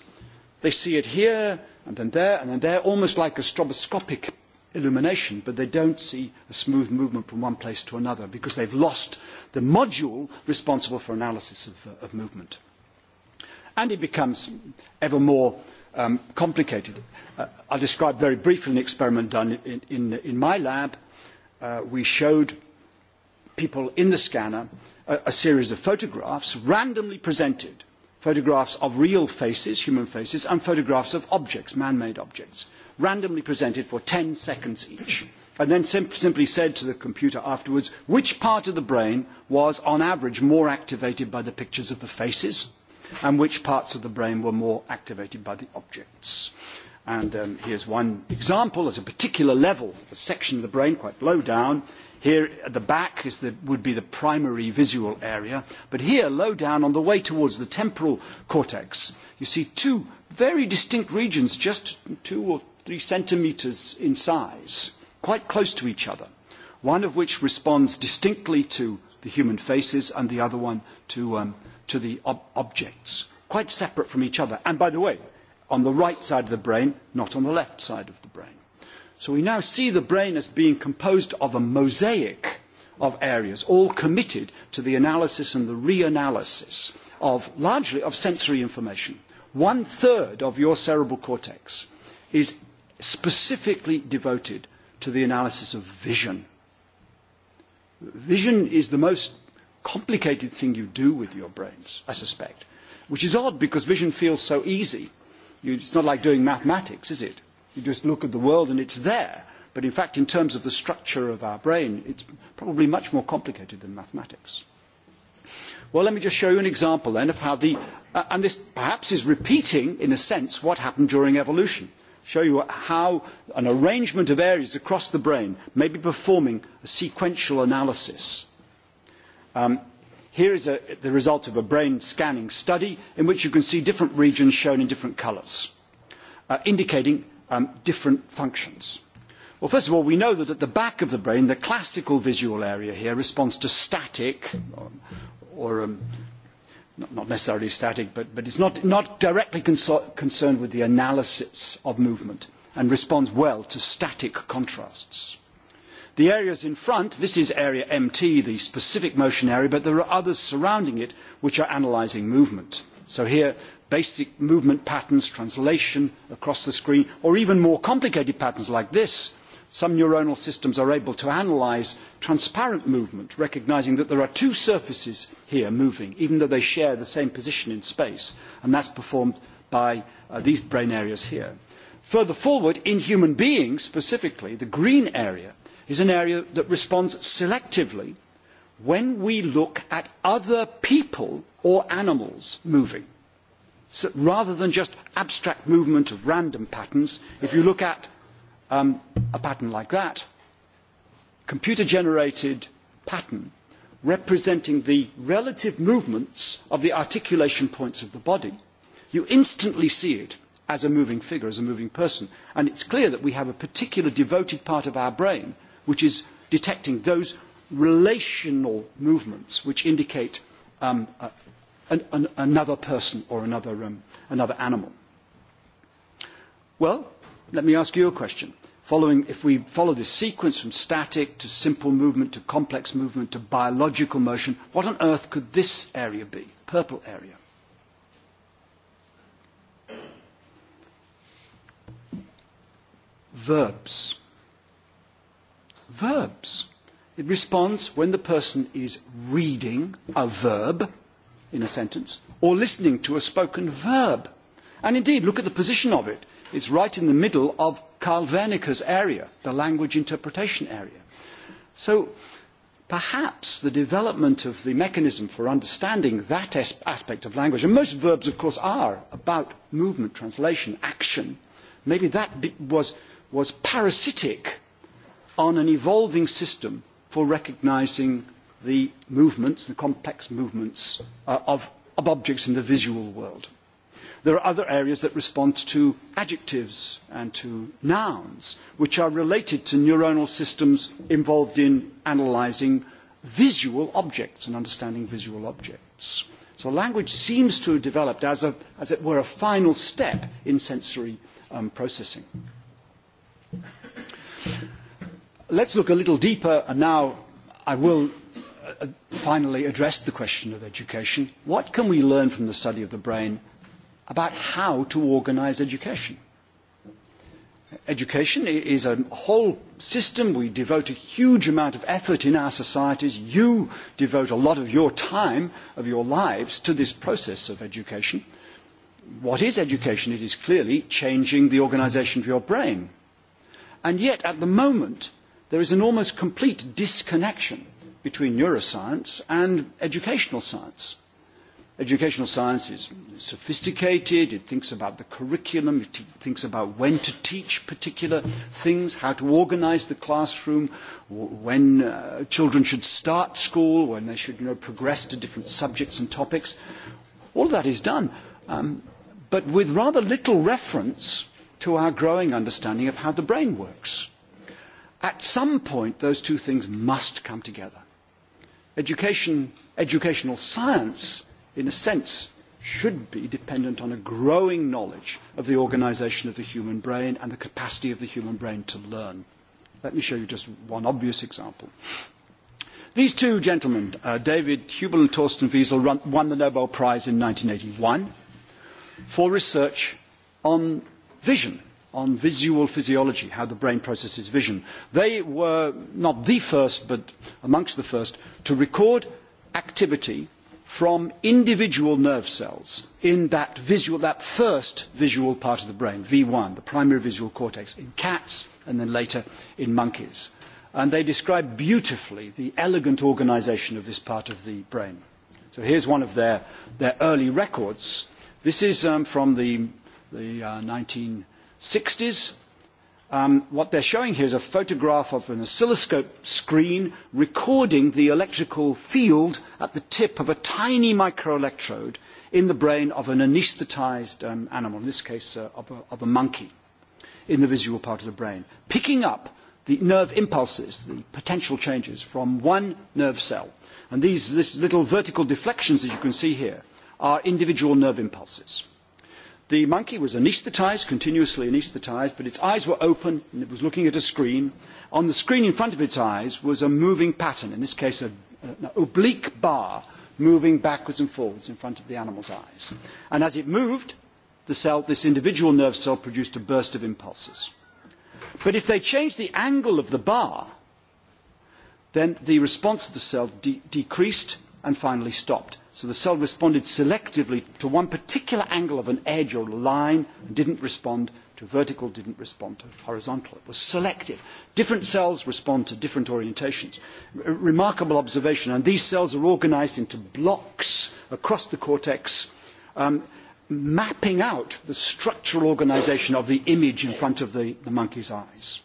they see it here and then there and then there, almost like a stroboscopic illumination, but they don't see a smooth movement from one place to another because they've lost the module responsible for analysis of, uh, of movement. And it becomes ever more um, complicated. Uh, I'll describe very briefly an experiment done in, in, in my lab uh, we showed people in the scanner a, a series of photographs randomly presented, photographs of real faces, human faces, and photographs of objects, man-made objects, randomly presented for 10 seconds each, and then sim- simply said to the computer afterwards which part of the brain was, on average, more activated by the pictures of the faces, and which parts of the brain were more activated by the objects. Uh, And um, here's one example at a particular level, a section of the brain quite low down. Here at the back is the, would be the primary visual area, but here low down on the way towards the temporal cortex, you see two very distinct regions just two or three centimeters in size, quite close to each other, one of which responds distinctly to the human faces and the other one to, um, to the ob- objects, quite separate from each other. And by the way, on the right side of the brain, not on the left side of the brain. So we now see the brain as being composed of a mosaic of areas, all committed to the analysis and the reanalysis of largely of sensory information. One third of your cerebral cortex is specifically devoted to the analysis of vision. Vision is the most complicated thing you do with your brains, I suspect, which is odd because vision feels so easy You, it's not like doing mathematics, is it? You just look at the world and it's there. But in fact, in terms of the structure of our brain, it's probably much more complicated than mathematics. Well, let me just show you an example then of how the, uh, and this perhaps is repeating, in a sense, what happened during evolution. Show you how an arrangement of areas across the brain may be performing a sequential analysis. Um, Here is a, the result of a brain scanning study in which you can see different regions shown in different colours, uh, indicating um, different functions. Well, first of all, we know that at the back of the brain, the classical visual area here responds to static, or, or um, not, not necessarily static, but, but it's not, not directly conso- concerned with the analysis of movement and responds well to static contrasts. The areas in front, this is area MT, the specific motion area, but there are others surrounding it which are analysing movement. So here, basic movement patterns, translation across the screen, or even more complicated patterns like this. Some neuronal systems are able to analyse transparent movement, recognising that there are two surfaces here moving, even though they share the same position in space, and that's performed by uh, these brain areas here. Further forward, in human beings specifically, the green area is an area that responds selectively when we look at other people or animals moving. So rather than just abstract movement of random patterns, if you look at um, a pattern like that, computer-generated pattern representing the relative movements of the articulation points of the body, you instantly see it as a moving figure, as a moving person. And it's clear that we have a particular devoted part of our brain which is detecting those relational movements which indicate um, uh, an, an, another person or another, um, another animal. Well, let me ask you a question. Following, if we follow this sequence from static to simple movement to complex movement to biological motion, what on earth could this area be, purple area? Verbs verbs. It responds when the person is reading a verb in a sentence or listening to a spoken verb. And indeed, look at the position of it. It's right in the middle of Karl Wernicke's area, the language interpretation area. So perhaps the development of the mechanism for understanding that as- aspect of language, and most verbs, of course, are about movement, translation, action, maybe that was, was parasitic on an evolving system for recognizing the movements, the complex movements uh, of, of objects in the visual world. There are other areas that respond to adjectives and to nouns, which are related to neuronal systems involved in analyzing visual objects and understanding visual objects. So language seems to have developed as, a, as it were, a final step in sensory um, processing. Mm-hmm let's look a little deeper, and now I will uh, uh, finally address the question of education. What can we learn from the study of the brain about how to organize education? Education is a whole system. We devote a huge amount of effort in our societies. You devote a lot of your time, of your lives, to this process of education. What is education? It is clearly changing the organization of your brain. And yet, at the moment, there is an almost complete disconnection between neuroscience and educational science. Educational science is sophisticated, it thinks about the curriculum, it t- thinks about when to teach particular things, how to organize the classroom, w- when uh, children should start school, when they should you know, progress to different subjects and topics. All that is done, um, but with rather little reference to our growing understanding of how the brain works At some point, those two things must come together. Education, educational science, in a sense, should be dependent on a growing knowledge of the organization of the human brain and the capacity of the human brain to learn. Let me show you just one obvious example. These two gentlemen, uh, David Hubel and Torsten Wiesel, run, won the Nobel Prize in 1981 for research on vision on visual physiology, how the brain processes vision. They were not the first, but amongst the first, to record activity from individual nerve cells in that, visual, that first visual part of the brain, V1, the primary visual cortex, in cats and then later in monkeys. And they describe beautifully the elegant organization of this part of the brain. So here's one of their, their early records. This is um, from the, the uh, 19... 60s. Um, what they're showing here is a photograph of an oscilloscope screen recording the electrical field at the tip of a tiny microelectrode in the brain of an anesthetized um, animal, in this case uh, of, a, of a monkey, in the visual part of the brain, picking up the nerve impulses, the potential changes from one nerve cell. And these this little vertical deflections that you can see here are individual nerve impulses. The monkey was anaesthetised, continuously anaesthetised, but its eyes were open and it was looking at a screen. On the screen in front of its eyes was a moving pattern, in this case a, an oblique bar moving backwards and forwards in front of the animal's eyes. And as it moved, the cell, this individual nerve cell produced a burst of impulses. But if they change the angle of the bar, then the response of the cell de- decreased and finally stopped. So the cell responded selectively to one particular angle of an edge or a line and didn't respond to vertical, didn't respond to horizontal. It was selective. Different cells respond to different orientations. R- remarkable observation. And these cells are organized into blocks across the cortex, um, mapping out the structural organization of the image in front of the, the monkey's eyes.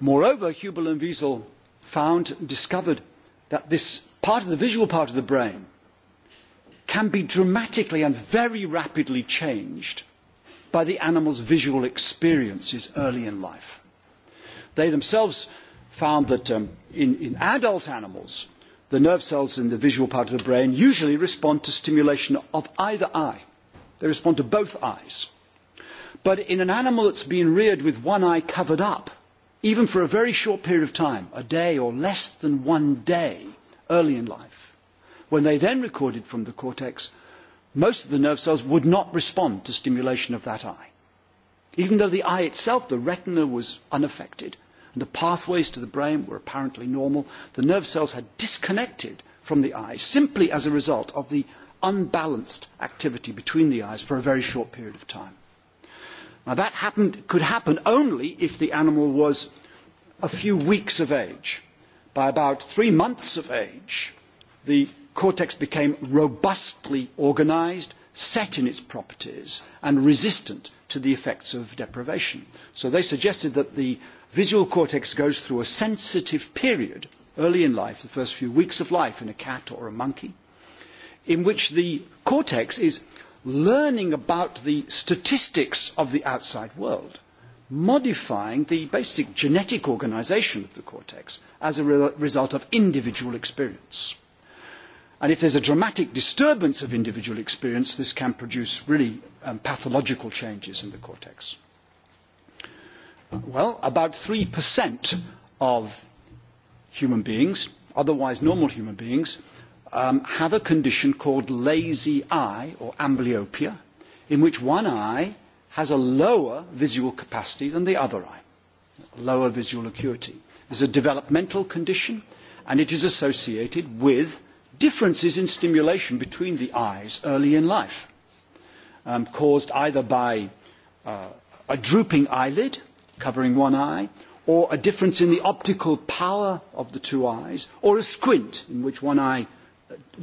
Moreover, Hubel and Wiesel found, discovered that this part of the visual part of the brain can be dramatically and very rapidly changed by the animal's visual experiences early in life. They themselves found that um, in, in adult animals, the nerve cells in the visual part of the brain usually respond to stimulation of either eye. They respond to both eyes. But in an animal that's been reared with one eye covered up, even for a very short period of time, a day or less than one day early in life, when they then recorded from the cortex, most of the nerve cells would not respond to stimulation of that eye. Even though the eye itself, the retina, was unaffected, and the pathways to the brain were apparently normal, the nerve cells had disconnected from the eye simply as a result of the unbalanced activity between the eyes for a very short period of time. Now that happened, could happen only if the animal was a few weeks of age. By about three months of age, the cortex became robustly organized, set in its properties, and resistant to the effects of deprivation. So they suggested that the visual cortex goes through a sensitive period early in life, the first few weeks of life in a cat or a monkey, in which the cortex is learning about the statistics of the outside world, modifying the basic genetic organization of the cortex as a re- result of individual experience. And if there's a dramatic disturbance of individual experience, this can produce really um, pathological changes in the cortex. Well, about 3% of human beings, otherwise normal human beings, um, have a condition called lazy eye or amblyopia, in which one eye has a lower visual capacity than the other eye, lower visual acuity. It's a developmental condition, and it is associated with differences in stimulation between the eyes early in life, um, caused either by uh, a drooping eyelid covering one eye, or a difference in the optical power of the two eyes, or a squint in which one eye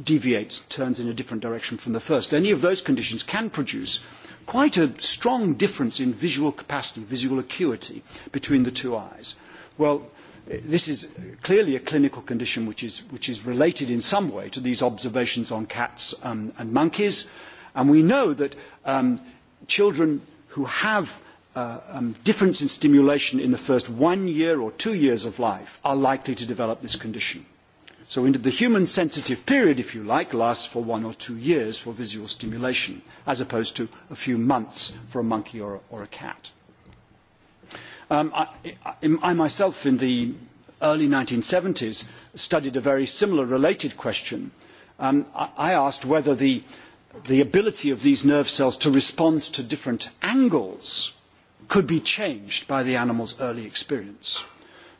deviates, turns in a different direction from the first. Any of those conditions can produce quite a strong difference in visual capacity, visual acuity between the two eyes. Well, this is clearly a clinical condition which is, which is related in some way to these observations on cats um, and monkeys. And we know that um, children who have uh, um, difference in stimulation in the first one year or two years of life are likely to develop this condition. So in the human sensitive period, if you like, lasts for one or two years for visual stimulation, as opposed to a few months for a monkey or, or a cat. Um, I, I, I myself, in the early 1970s, studied a very similar related question. Um, I, I asked whether the, the ability of these nerve cells to respond to different angles could be changed by the animal's early experience.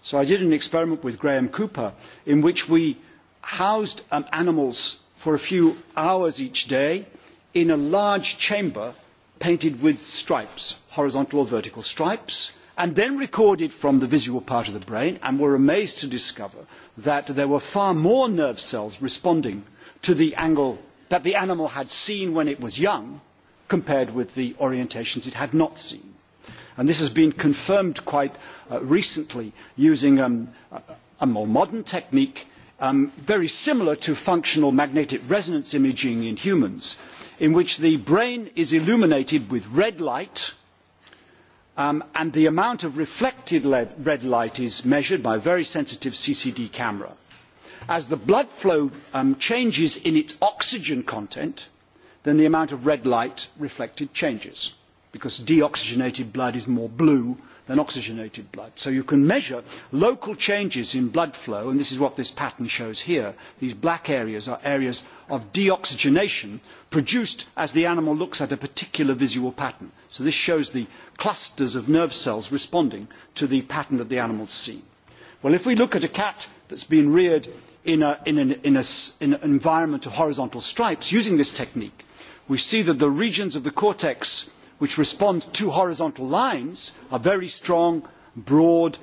So I did an experiment with Graham Cooper in which we housed um, animals for a few hours each day in a large chamber painted with stripes, horizontal or vertical stripes, and then recorded from the visual part of the brain and were amazed to discover that there were far more nerve cells responding to the angle that the animal had seen when it was young compared with the orientations it had not seen. And this has been confirmed quite uh, recently using um, a more modern technique um, very similar to functional magnetic resonance imaging in humans, in which the brain is illuminated with red light, um, and the amount of reflected lead, red light is measured by a very sensitive CCD camera. As the blood flow um, changes in its oxygen content, then the amount of red light reflected changes because deoxygenated blood is more blue than oxygenated blood. So you can measure local changes in blood flow, and this is what this pattern shows here. These black areas are areas of deoxygenation produced as the animal looks at a particular visual pattern. So this shows the clusters of nerve cells responding to the pattern that the animal's seen. Well, if we look at a cat that's been reared in, a, in, an, in, a, in an environment of horizontal stripes using this technique, we see that the regions of the cortex which respond to horizontal lines are very strong, broad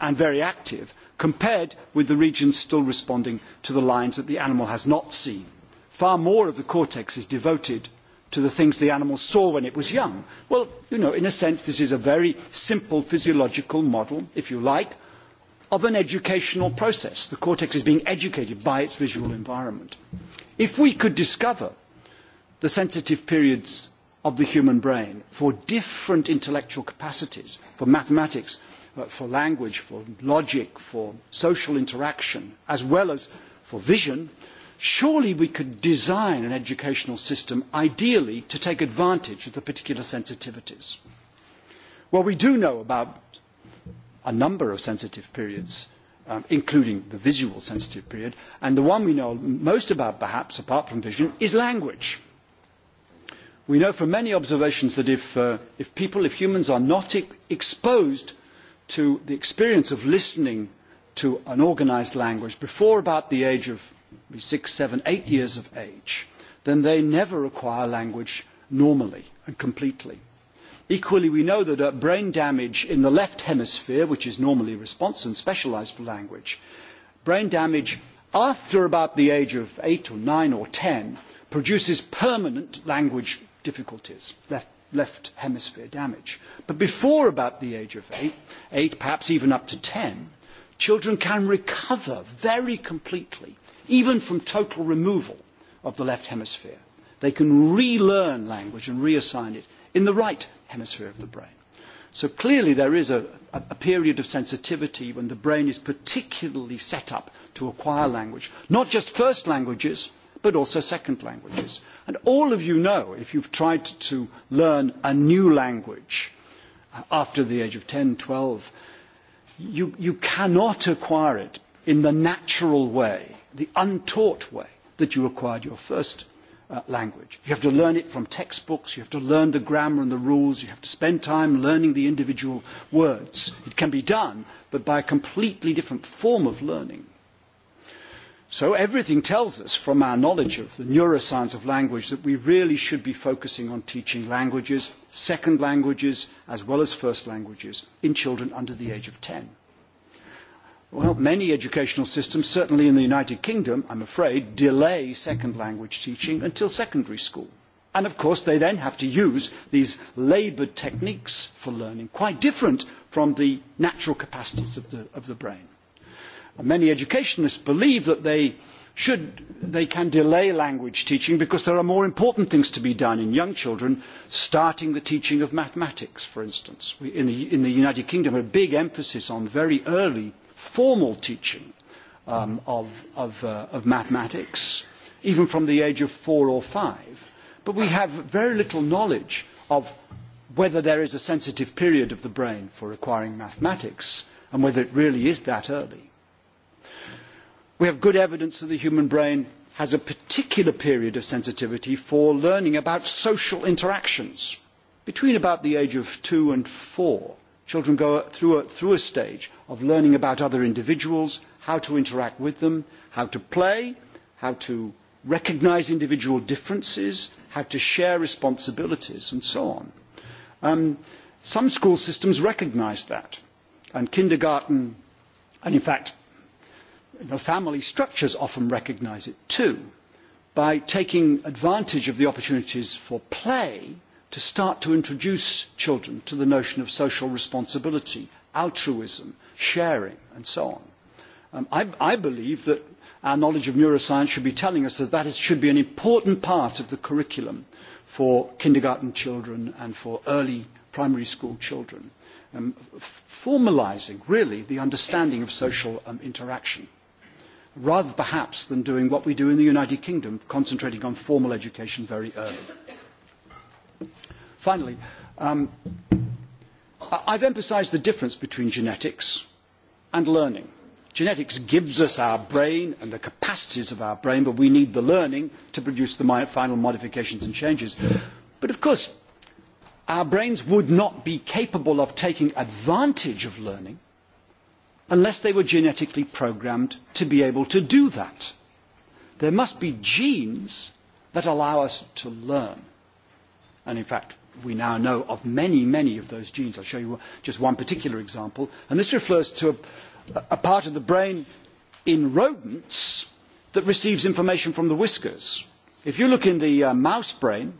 and very active compared with the regions still responding to the lines that the animal has not seen. Far more of the cortex is devoted to the things the animal saw when it was young. Well, you know, in a sense, this is a very simple physiological model, if you like, of an educational process. The cortex is being educated by its visual environment. If we could discover the sensitive periods of the human brain for different intellectual capacities, for mathematics, uh, for language, for logic, for social interaction, as well as for vision, surely we could design an educational system ideally to take advantage of the particular sensitivities. Well, we do know about a number of sensitive periods, um, including the visual sensitive period, and the one we know most about, perhaps, apart from vision, is language We know from many observations that if, uh, if people, if humans are not e exposed to the experience of listening to an organized language before about the age of six, seven, eight years of age, then they never acquire language normally and completely. Equally, we know that uh, brain damage in the left hemisphere, which is normally responsive and specialized for language, brain damage after about the age of eight or nine or ten produces permanent language difficulties, left, left hemisphere damage. But before about the age of eight, eight, perhaps even up to 10, children can recover very completely, even from total removal of the left hemisphere. They can relearn language and reassign it in the right hemisphere of the brain. So clearly there is a, a, a period of sensitivity when the brain is particularly set up to acquire language, not just first languages, but also second languages. And all of you know, if you've tried to learn a new language uh, after the age of 10, 12, you, you cannot acquire it in the natural way, the untaught way that you acquired your first uh, language. You have to learn it from textbooks, you have to learn the grammar and the rules, you have to spend time learning the individual words. It can be done, but by a completely different form of learning. So everything tells us from our knowledge of the neuroscience of language that we really should be focusing on teaching languages, second languages, as well as first languages in children under the age of 10. Well, many educational systems, certainly in the United Kingdom, I'm afraid, delay second language teaching until secondary school. And of course, they then have to use these laboured techniques for learning, quite different from the natural capacities of the, of the brain many educationists believe that they should they can delay language teaching because there are more important things to be done in young children starting the teaching of mathematics for instance we, in, the, in the united kingdom a big emphasis on very early formal teaching um, of, of, uh, of mathematics even from the age of four or five but we have very little knowledge of whether there is a sensitive period of the brain for acquiring mathematics and whether it really is that early we have good evidence that the human brain has a particular period of sensitivity for learning about social interactions between about the age of two and four. Children go through a, through a stage of learning about other individuals, how to interact with them, how to play, how to recognize individual differences, how to share responsibilities, and so on. Um, some school systems recognize that, and kindergarten, and in fact, you know, family structures often recognize it too, by taking advantage of the opportunities for play to start to introduce children to the notion of social responsibility, altruism, sharing, and so on. Um, I, I believe that our knowledge of neuroscience should be telling us that that is, should be an important part of the curriculum for kindergarten children and for early primary school children, um, formalizing really the understanding of social um, interaction rather perhaps than doing what we do in the United Kingdom, concentrating on formal education very early. Finally, um, I've emphasized the difference between genetics and learning. Genetics gives us our brain and the capacities of our brain, but we need the learning to produce the final modifications and changes. But of course, our brains would not be capable of taking advantage of learning unless they were genetically programmed to be able to do that. There must be genes that allow us to learn. And in fact, we now know of many, many of those genes. I'll show you just one particular example. And this refers to a, a part of the brain in rodents that receives information from the whiskers. If you look in the uh, mouse brain,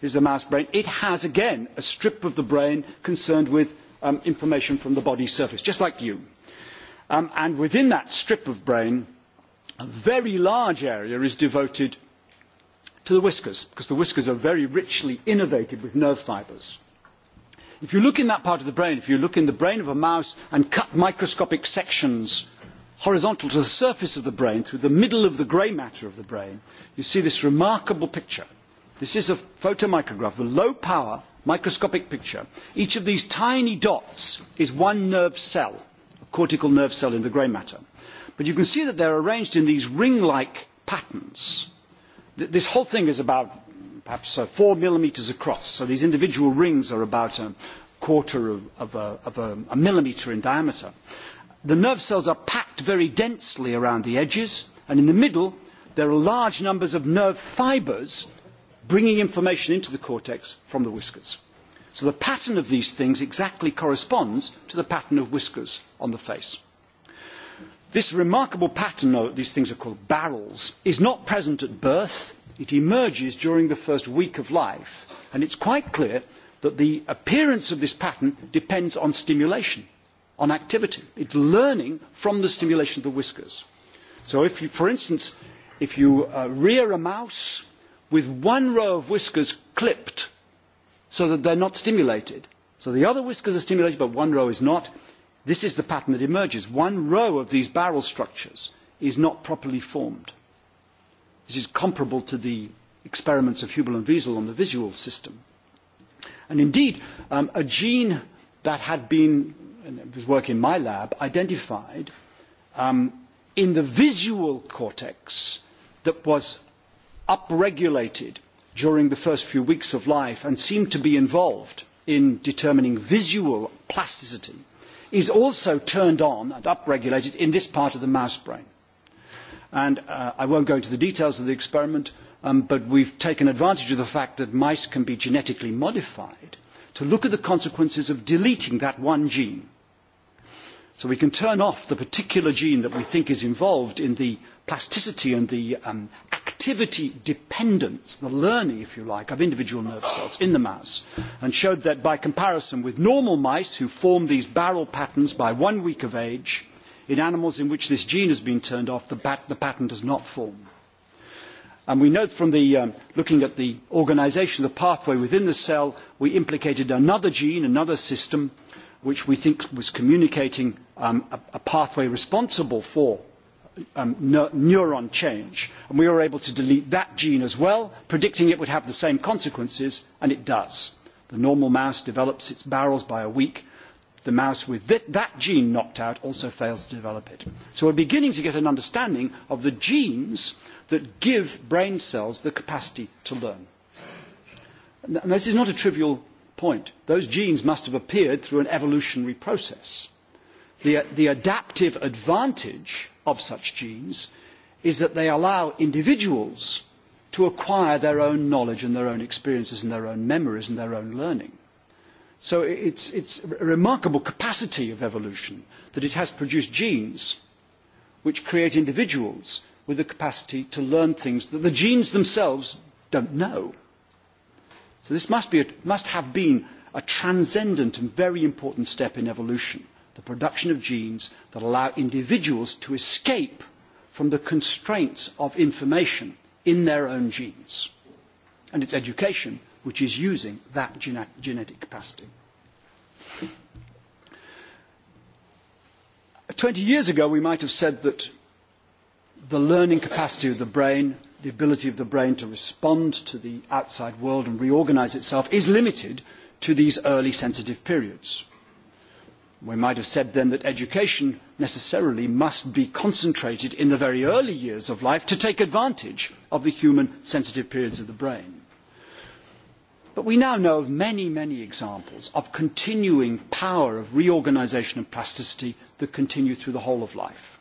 here's the mouse brain, it has again a strip of the brain concerned with um, information from the body's surface, just like you. Um, and within that strip of brain, a very large area is devoted to the whiskers, because the whiskers are very richly innervated with nerve fibers. If you look in that part of the brain, if you look in the brain of a mouse and cut microscopic sections horizontal to the surface of the brain through the middle of the grey matter of the brain, you see this remarkable picture. This is a photomicrograph, a low power microscopic picture. Each of these tiny dots is one nerve cell cortical nerve cell in the grey matter. But you can see that they're arranged in these ring-like patterns. Th this whole thing is about perhaps uh, four millimetres across, so these individual rings are about a quarter of, of, a, of a, a millimetre in diameter. The nerve cells are packed very densely around the edges, and in the middle there are large numbers of nerve fibres bringing information into the cortex from the whiskers. So the pattern of these things exactly corresponds to the pattern of whiskers on the face. This remarkable pattern, though these things are called barrels, is not present at birth. It emerges during the first week of life. And it's quite clear that the appearance of this pattern depends on stimulation, on activity. It's learning from the stimulation of the whiskers. So if you, for instance, if you uh, rear a mouse with one row of whiskers clipped so that they're not stimulated. So the other whiskers are stimulated, but one row is not. This is the pattern that emerges. One row of these barrel structures is not properly formed. This is comparable to the experiments of Hubel and Wiesel on the visual system. And indeed, um, a gene that had been, and it was work in my lab, identified um, in the visual cortex that was upregulated during the first few weeks of life and seem to be involved in determining visual plasticity is also turned on and upregulated in this part of the mouse brain. And uh, I won't go into the details of the experiment, um, but we've taken advantage of the fact that mice can be genetically modified to look at the consequences of deleting that one gene. So we can turn off the particular gene that we think is involved in the plasticity and the um, activity dependence, the learning, if you like, of individual nerve cells in the mouse, and showed that by comparison with normal mice who form these barrel patterns by one week of age, in animals in which this gene has been turned off, the, bat- the pattern does not form. And we note from the, um, looking at the organization of the pathway within the cell, we implicated another gene, another system, which we think was communicating um, a, a pathway responsible for um, neur neuron change. And we were able to delete that gene as well, predicting it would have the same consequences, and it does. The normal mouse develops its barrels by a week. The mouse with th that gene knocked out also fails to develop it. So we're beginning to get an understanding of the genes that give brain cells the capacity to learn. And this is not a trivial point. Those genes must have appeared through an evolutionary process. The, the adaptive advantage of such genes is that they allow individuals to acquire their own knowledge and their own experiences and their own memories and their own learning. So it's, it's a remarkable capacity of evolution that it has produced genes which create individuals with the capacity to learn things that the genes themselves don't know. So this must, be a, must have been a transcendent and very important step in evolution the production of genes that allow individuals to escape from the constraints of information in their own genes. And it's education which is using that gene- genetic capacity. 20 years ago, we might have said that the learning capacity of the brain, the ability of the brain to respond to the outside world and reorganize itself, is limited to these early sensitive periods. We might have said then that education necessarily must be concentrated in the very early years of life to take advantage of the human sensitive periods of the brain. But we now know of many, many examples of continuing power of reorganization and plasticity that continue through the whole of life.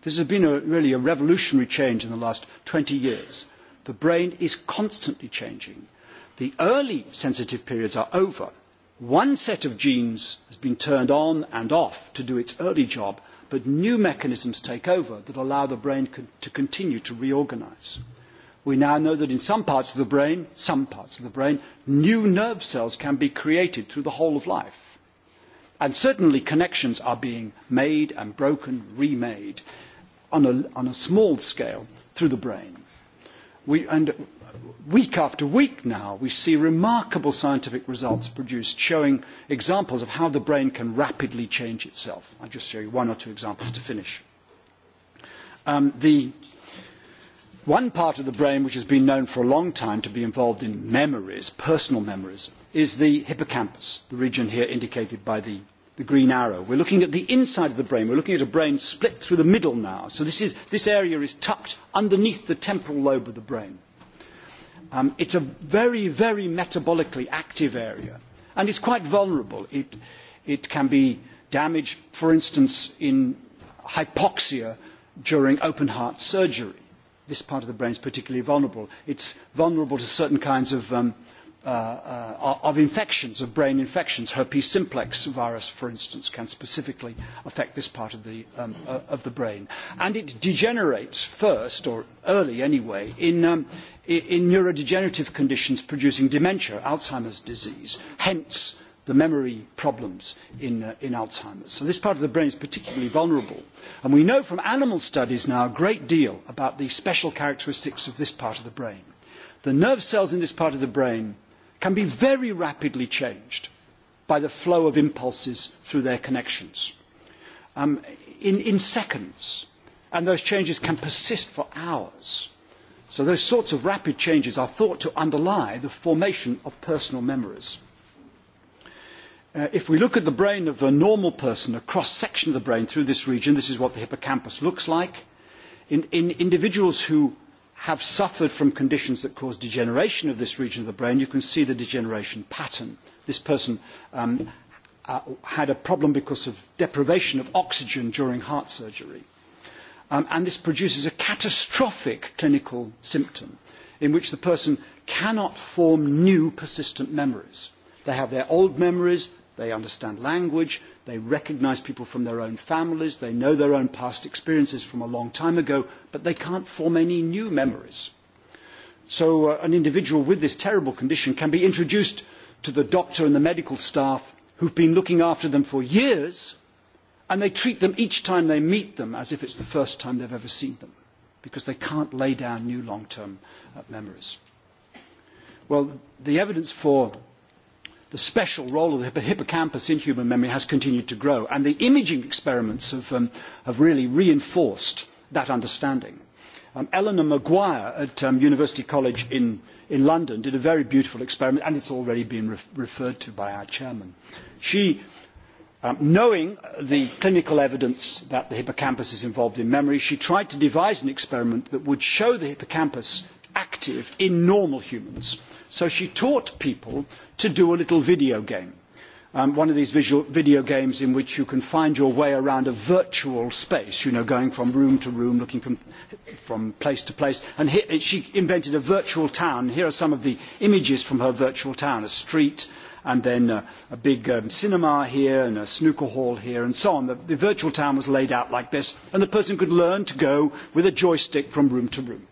This has been a, really a revolutionary change in the last 20 years. The brain is constantly changing. The early sensitive periods are over One set of genes has been turned on and off to do its early job, but new mechanisms take over that allow the brain con- to continue to reorganize. We now know that in some parts of the brain, some parts of the brain, new nerve cells can be created through the whole of life. And certainly connections are being made and broken, remade on a, on a small scale through the brain. We, and week after week now, we see remarkable scientific results produced showing examples of how the brain can rapidly change itself. I'll just show you one or two examples to finish. Um, the one part of the brain which has been known for a long time to be involved in memories, personal memories, is the hippocampus, the region here indicated by the, the green arrow. We're looking at the inside of the brain. We're looking at a brain split through the middle now. So this, is, this area is tucked underneath the temporal lobe of the brain. Um, it's a very, very metabolically active area, and it's quite vulnerable. It, it can be damaged, for instance, in hypoxia during open heart surgery. This part of the brain is particularly vulnerable. It's vulnerable to certain kinds of, um, uh, uh, of infections, of brain infections. Herpes simplex virus, for instance, can specifically affect this part of the, um, uh, of the brain. And it degenerates first, or early anyway, in, um, in neurodegenerative conditions producing dementia, Alzheimer's disease, hence the memory problems in, uh, in Alzheimer's. So this part of the brain is particularly vulnerable. And we know from animal studies now a great deal about the special characteristics of this part of the brain. The nerve cells in this part of the brain can be very rapidly changed by the flow of impulses through their connections um, in, in seconds. And those changes can persist for hours. So those sorts of rapid changes are thought to underlie the formation of personal memories. Uh, if we look at the brain of a normal person, a cross-section of the brain through this region, this is what the hippocampus looks like. In, in individuals who have suffered from conditions that cause degeneration of this region of the brain, you can see the degeneration pattern. This person um, uh, had a problem because of deprivation of oxygen during heart surgery um, and this produces a catastrophic clinical symptom in which the person cannot form new persistent memories. They have their old memories, they understand language, they recognize people from their own families, they know their own past experiences from a long time ago, but they can't form any new memories. So uh, an individual with this terrible condition can be introduced to the doctor and the medical staff who've been looking after them for years And they treat them each time they meet them as if it's the first time they've ever seen them, because they can't lay down new long term uh, memories. Well, the evidence for the special role of the hippocampus in human memory has continued to grow, and the imaging experiments have, um, have really reinforced that understanding. Um, Eleanor Maguire at um, University College in, in London did a very beautiful experiment, and it's already been re- referred to by our chairman. She Um, knowing the clinical evidence that the hippocampus is involved in memory, she tried to devise an experiment that would show the hippocampus active in normal humans. So she taught people to do a little video game. Um, one of these visual video games in which you can find your way around a virtual space, you know, going from room to room, looking from, from place to place. And here, she invented a virtual town. Here are some of the images from her virtual town, a street, and then uh, a big um, cinema here and a snooker hall here and so on. The, the virtual town was laid out like this, and the person could learn to go with a joystick from room to room.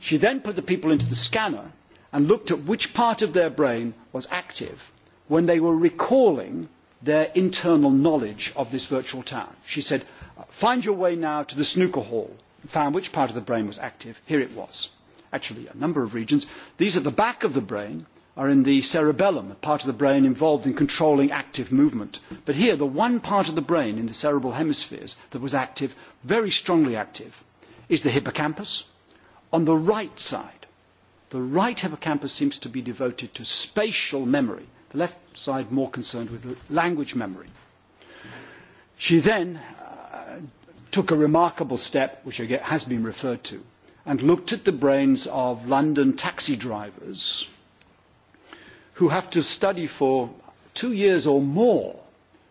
She then put the people into the scanner and looked at which part of their brain was active when they were recalling their internal knowledge of this virtual town. She said, find your way now to the snooker hall, found which part of the brain was active. Here it was. Actually, a number of regions. These at the back of the brain are in the cerebellum, part of the brain involved in controlling active movement. But here, the one part of the brain in the cerebral hemispheres that was active, very strongly active, is the hippocampus on the right side. The right hippocampus seems to be devoted to spatial memory, the left side more concerned with language memory. She then uh, took a remarkable step, which again has been referred to, and looked at the brains of London taxi drivers who have to study for two years or more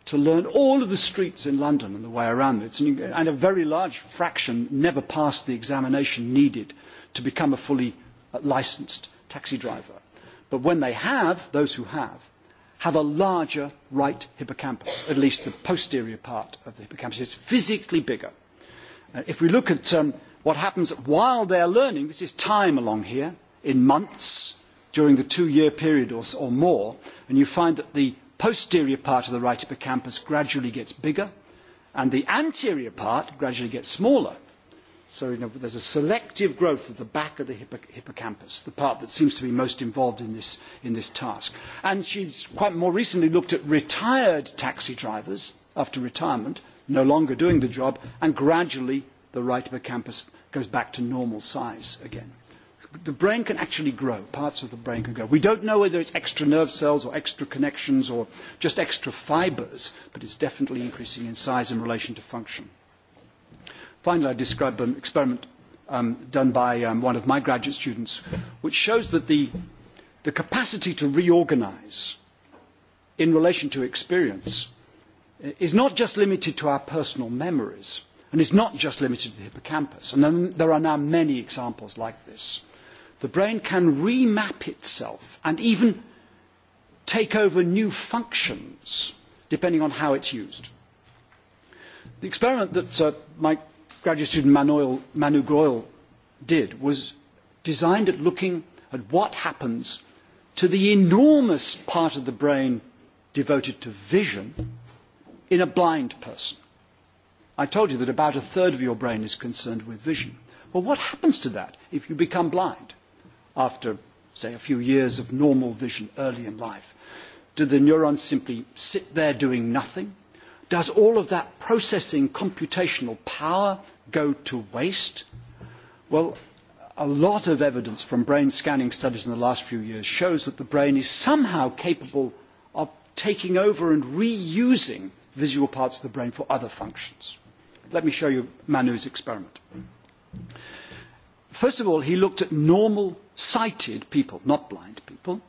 to learn all of the streets in London and the way around it. And a very large fraction never pass the examination needed to become a fully uh, licensed taxi driver. But when they have, those who have, have a larger right hippocampus, at least the posterior part of the hippocampus is physically bigger. Uh, if we look at um, what happens while they're learning, this is time along here, in months, during the two-year period or, or more, and you find that the posterior part of the right hippocampus gradually gets bigger, and the anterior part gradually gets smaller. So you know, there's a selective growth of the back of the hippoc- hippocampus, the part that seems to be most involved in this, in this task. And she's quite more recently looked at retired taxi drivers after retirement, no longer doing the job, and gradually the right hippocampus goes back to normal size again the brain can actually grow. Parts of the brain can grow. We don't know whether it's extra nerve cells or extra connections or just extra fibers, but it's definitely increasing in size in relation to function. Finally, I describe an experiment um, done by um, one of my graduate students, which shows that the, the capacity to reorganize in relation to experience is not just limited to our personal memories, and is not just limited to the hippocampus. And then there are now many examples like this the brain can remap itself and even take over new functions depending on how it's used. The experiment that uh, my graduate student Manoil, Manu Groyal did was designed at looking at what happens to the enormous part of the brain devoted to vision in a blind person. I told you that about a third of your brain is concerned with vision. Well, what happens to that if you become blind? after, say, a few years of normal vision early in life? Do the neurons simply sit there doing nothing? Does all of that processing computational power go to waste? Well, a lot of evidence from brain scanning studies in the last few years shows that the brain is somehow capable of taking over and reusing visual parts of the brain for other functions. Let me show you Manu's experiment. First of all, he looked at normal sighted people, not blind people,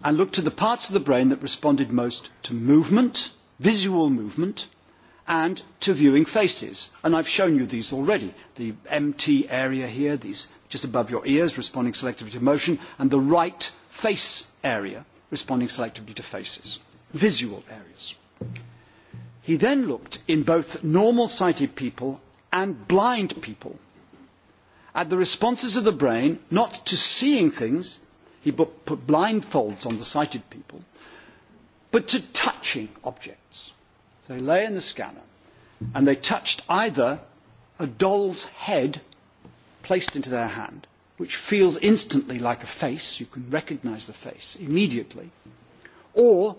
and looked at the parts of the brain that responded most to movement, visual movement, and to viewing faces. And I've shown you these already. The MT area here, these just above your ears, responding selectively to motion, and the right face area, responding selectively to faces, visual areas. He then looked in both normal sighted people and blind people at the responses of the brain, not to seeing things, he put blindfolds on the sighted people, but to touching objects. So they lay in the scanner and they touched either a doll's head placed into their hand, which feels instantly like a face, you can recognize the face immediately, or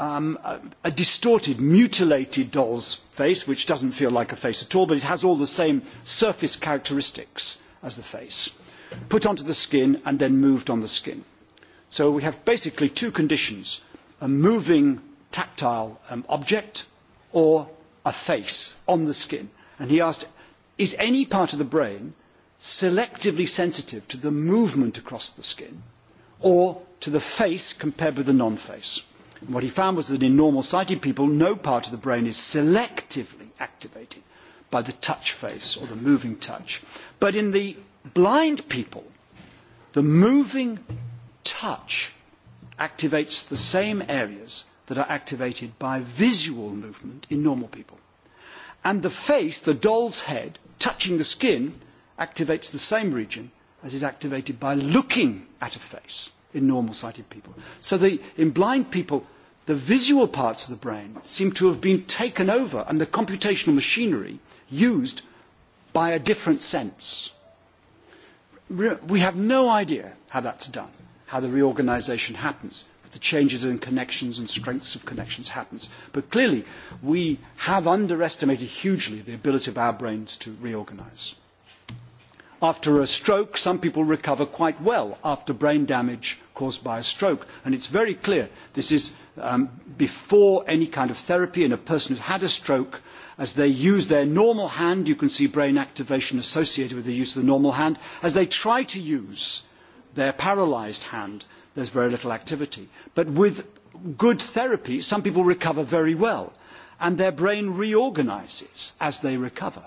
um, a, a distorted, mutilated doll's face, which doesn't feel like a face at all, but it has all the same surface characteristics as the face, put onto the skin and then moved on the skin. So we have basically two conditions, a moving tactile um, object or a face on the skin. And he asked, is any part of the brain selectively sensitive to the movement across the skin or to the face compared with the non-face? And what he found was that in normal sighted people, no part of the brain is selectively activated by the touch face or the moving touch. But in the blind people, the moving touch activates the same areas that are activated by visual movement in normal people. And the face, the doll's head, touching the skin activates the same region as is activated by looking at a face in normal sighted people. So the, in blind people, the visual parts of the brain seem to have been taken over and the computational machinery used by a different sense. We have no idea how that's done, how the reorganization happens, the changes in connections and strengths of connections happens. But clearly, we have underestimated hugely the ability of our brains to reorganize. After a stroke, some people recover quite well after brain damage caused by a stroke. And it's very clear this is um, before any kind of therapy in a person who had a stroke. As they use their normal hand, you can see brain activation associated with the use of the normal hand. As they try to use their paralyzed hand, there's very little activity. But with good therapy, some people recover very well, and their brain reorganizes as they recover.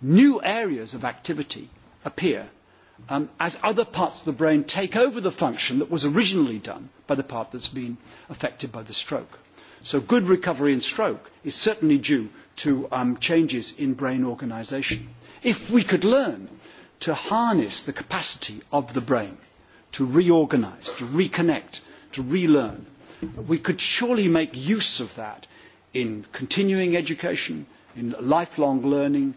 New areas of activity appear um, as other parts of the brain take over the function that was originally done by the part that's been affected by the stroke. So good recovery in stroke is certainly due to um, changes in brain organization. If we could learn to harness the capacity of the brain to reorganize, to reconnect, to relearn, we could surely make use of that in continuing education, in lifelong learning,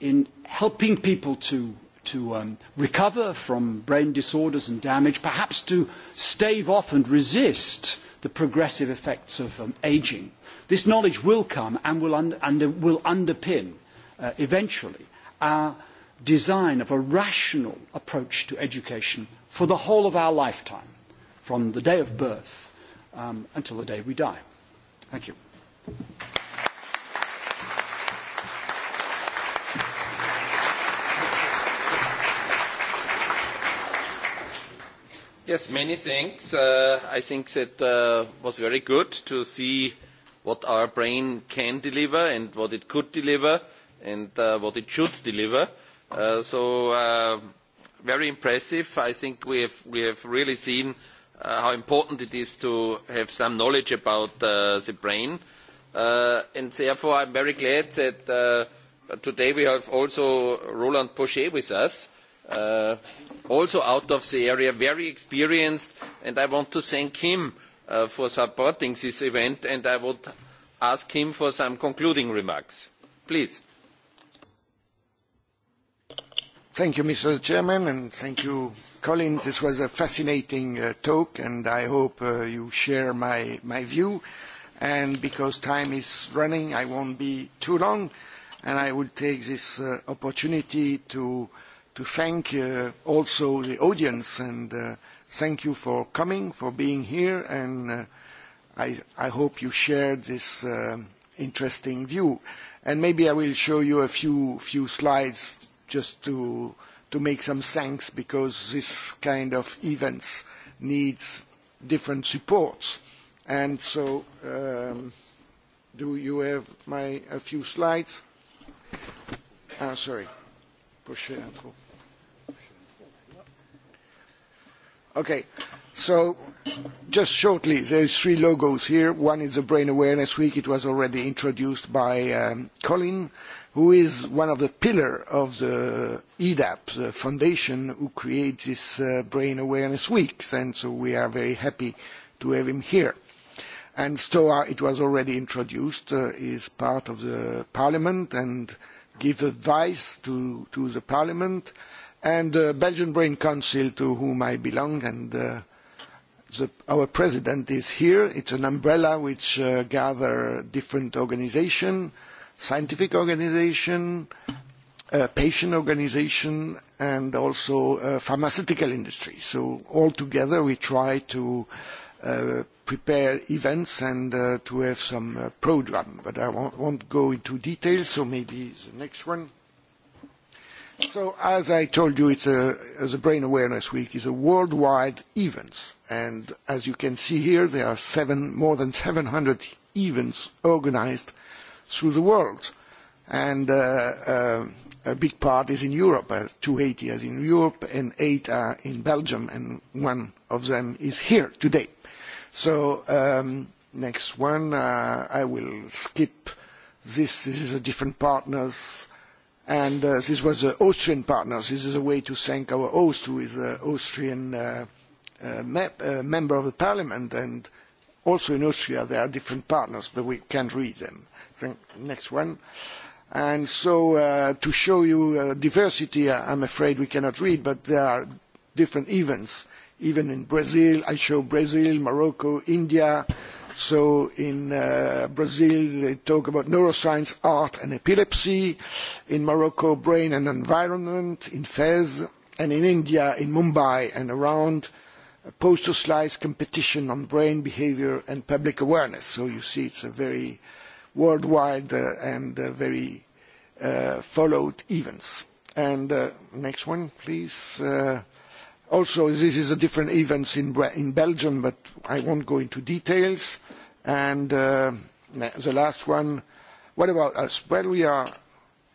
in helping people to to um, recover from brain disorders and damage, perhaps to stave off and resist the progressive effects of um, aging. This knowledge will come and will, un- and will underpin uh, eventually our design of a rational approach to education for the whole of our lifetime, from the day of birth um, until the day we die. Thank you. Yes, many thanks. Uh, I think that uh, was very good to see what our brain can deliver and what it could deliver and uh, what it should deliver. Uh, so uh, very impressive. I think we have, we have really seen uh, how important it is to have some knowledge about uh, the brain. Uh, and therefore, I'm very glad that uh, today we have also Roland Pochet with us. Uh, uh, also out of the area, very experienced, and I want to thank him uh, for supporting this event, and I would ask him for some concluding remarks. Please. Thank you, Mr. Chairman, and thank you, Colin. This was a fascinating uh, talk, and I hope uh, you share my, my view. And because time is running, I won't be too long, and I will take this uh, opportunity to uh, to thank uh, also the audience and uh, thank you for coming, for being here, and uh, I, I hope you shared this uh, interesting view. And maybe I will show you a few, few slides just to, to make some thanks because this kind of events needs different supports. And so um, do you have my, a few slides? Ah, sorry. Prochain intro. Okay. So just shortly, there's three logos here. One is the Brain Awareness Week. It was already introduced by um, Colin, who is one of the pillar of the EDAP the foundation who creates this uh, Brain Awareness Week. And so we are very happy to have him here. And STOA, it was already introduced, uh, is part of the parliament and give advice to, to the parliament. Uh, and the uh, Belgian Brain Council, to whom I belong, and uh, the, our president is here. It's an umbrella which uh, gather different organizations, scientific organization, uh, patient organization, and also uh, pharmaceutical industry. So all together we try to uh, prepare events and uh, to have some uh, program. But I won't, won't go into details, so maybe the next one. So, as I told you, it's a, as a Brain Awareness Week is a worldwide event, and as you can see here, there are seven, more than 700 events organized through the world, and uh, uh, a big part is in Europe, uh, 280 are in Europe, and eight are in Belgium, and one of them is here today. So, um, next one, uh, I will skip this. This is a different partners And uh, this was uh, Austrian partners. This is a way to thank our host, who is an uh, Austrian uh, uh, me uh, member of the parliament. And also in Austria, there are different partners, but we can't read them. Think, next one. And so uh, to show you uh, diversity, uh, I'm afraid we cannot read, but there are different events. Even in Brazil, I show Brazil, Morocco, India, uh, So in uh, Brazil, they talk about neuroscience, art, and epilepsy. In Morocco, brain and environment. In Fez, and in India, in Mumbai and around, a poster slice competition on brain behavior and public awareness. So you see, it's a very worldwide uh, and uh, very uh, followed events. And uh, next one, please. Uh, Also, this is a different events in, in Belgium, but I won't go into details. And uh, the last one, what about us? Well, we are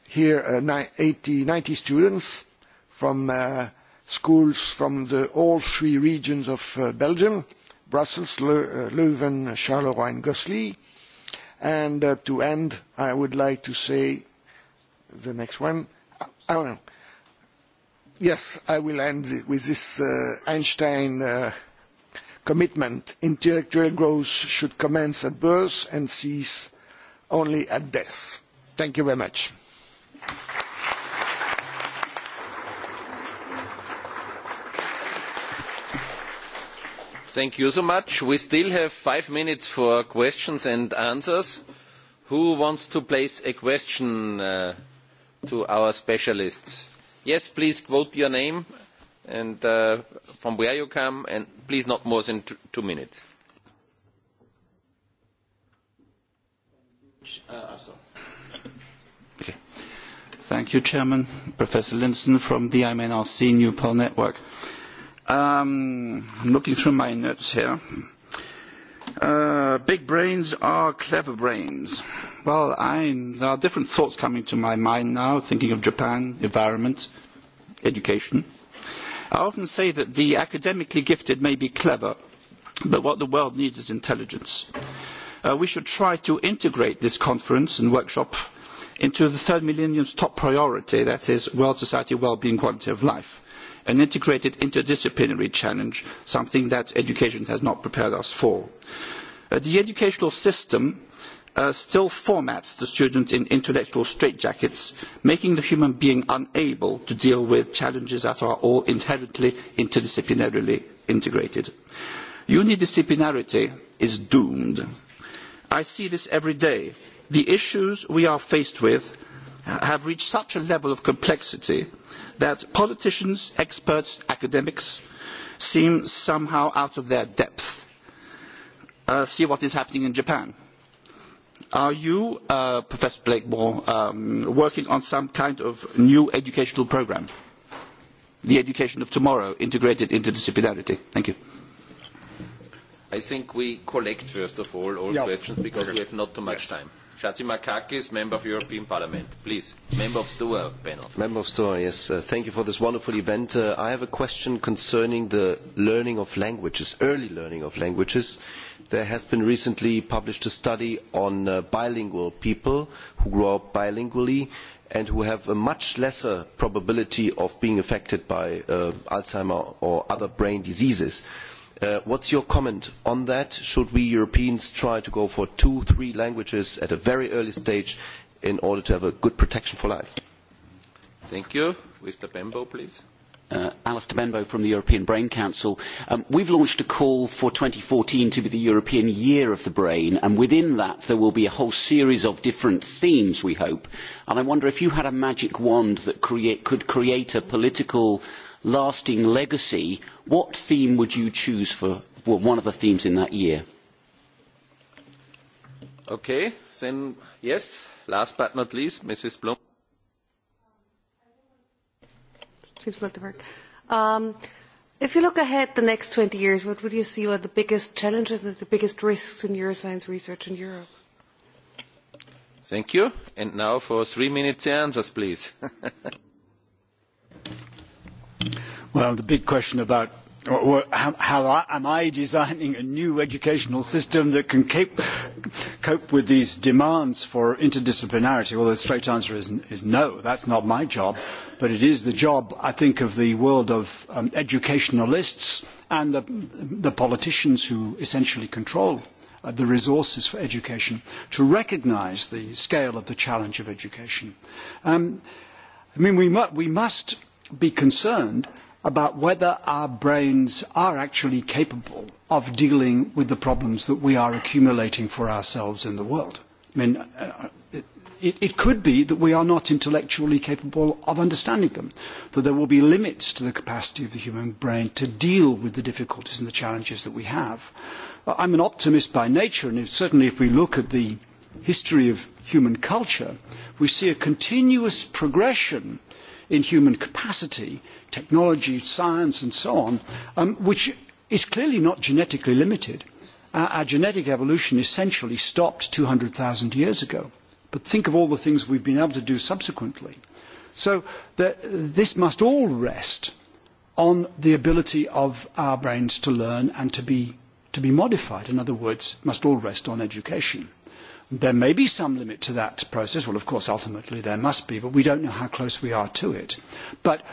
here uh, 80, 90 students from uh, schools from the, all three regions of uh, Belgium, Brussels, Le, uh, Leuven, Charleroi and Gosselies. And uh, to end, I would like to say the next one. I don't know Yes, I will end with this uh, Einstein uh, commitment. Intellectual growth should commence at birth and cease only at death. Thank you very much. Thank you so much. We still have five minutes for questions and answers. Who wants to place a question uh, to our specialists? yes, please quote your name and uh, from where you come, and please not more than t- two minutes. Uh, okay. Thank you, Chairman. Professor Linson from the IMNRC Newport Network. Um, I'm looking through my notes here. Uh, big brains are clever brains. Well, I, there are different thoughts coming to my mind now, thinking of Japan, environment, education. I often say that the academically gifted may be clever, but what the world needs is intelligence. Uh, we should try to integrate this conference and workshop into the third millennium's top priority, that is, world society, well-being, quality of life an integrated interdisciplinary challenge, something that education has not prepared us for. Uh, the educational system uh, still formats the student in intellectual straitjackets, making the human being unable to deal with challenges that are all inherently interdisciplinarily integrated. Unidisciplinarity is doomed. I see this every day. The issues we are faced with have reached such a level of complexity that politicians, experts, academics seem somehow out of their depth. Uh, see what is happening in Japan. Are you, uh, Professor Blakemore, um, working on some kind of new educational program? The education of tomorrow, integrated interdisciplinarity. Thank you. I think we collect, first of all, all yeah. questions because okay. we have not too much yes. time. Chatzimarkakis, Member of European Parliament. Please, Member of STOA panel. Member of STOA, yes. Uh, thank you for this wonderful event. Uh, I have a question concerning the learning of languages, early learning of languages. There has been recently published a study on uh, bilingual people who grow up bilingually and who have a much lesser probability of being affected by uh, Alzheimer or other brain diseases. Uh, Uh, what's your comment on that? Should we Europeans try to go for two, three languages at a very early stage in order to have a good protection for life? Thank you. Mr. Bembo, please. Uh, Alistair Benbow from the European Brain Council. Um, we've launched a call for 2014 to be the European Year of the Brain, and within that there will be a whole series of different themes, we hope. And I wonder if you had a magic wand that create, could create a political lasting legacy, what theme would you choose for, for one of the themes in that year? Okay, then yes, last but not least, Mrs. Blum. Seems like the work. Um, if you look ahead the next 20 years, what would you see are the biggest challenges and the biggest risks in neuroscience research in Europe? Thank you. And now for three minutes answers, please. Well, the big question about or uh, how, how am I designing a new educational system that can cape, cope with these demands for interdisciplinarity? Well, the straight answer is, is no. That's not my job, but it is the job, I think, of the world of um, educationalists and the, the politicians who essentially control uh, the resources for education to recognise the scale of the challenge of education. Um, I mean, we, mu- we must be concerned about whether our brains are actually capable of dealing with the problems that we are accumulating for ourselves in the world. I mean, uh, uh, it, it could be that we are not intellectually capable of understanding them, that there will be limits to the capacity of the human brain to deal with the difficulties and the challenges that we have. Uh, I'm an optimist by nature, and if, certainly if we look at the history of human culture, we see a continuous progression uh, in human capacity, technology, science, and so on, um, which is clearly not genetically limited. Our, our genetic evolution essentially stopped 200,000 years ago. But think of all the things we've been able to do subsequently. So the, this must all rest on the ability of our brains to learn and to be, to be modified. In other words, must all rest on education. There may be some limit to that process. Well, of course, ultimately there must be, but we don't know how close we are to it. But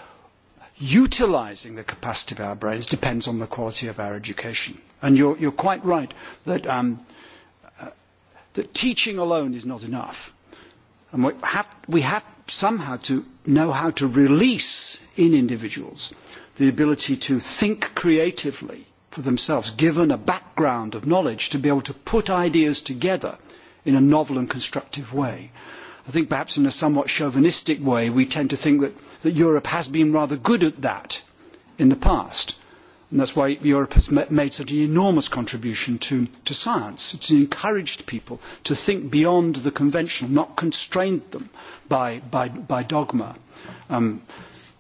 utilizing the capacity of our brains depends on the quality of our education. And you're, you're quite right that, um, uh, that teaching alone is not enough. And we have, we have somehow to know how to release in individuals the ability to think creatively for themselves, given a background of knowledge, to be able to put ideas together in a novel and constructive way. I think perhaps in a somewhat chauvinistic way, we tend to think that, that Europe has been rather good at that in the past. And that's why Europe has made such an enormous contribution to, to science. It's encouraged people to think beyond the conventional, not constrained them by, by, by dogma. Um,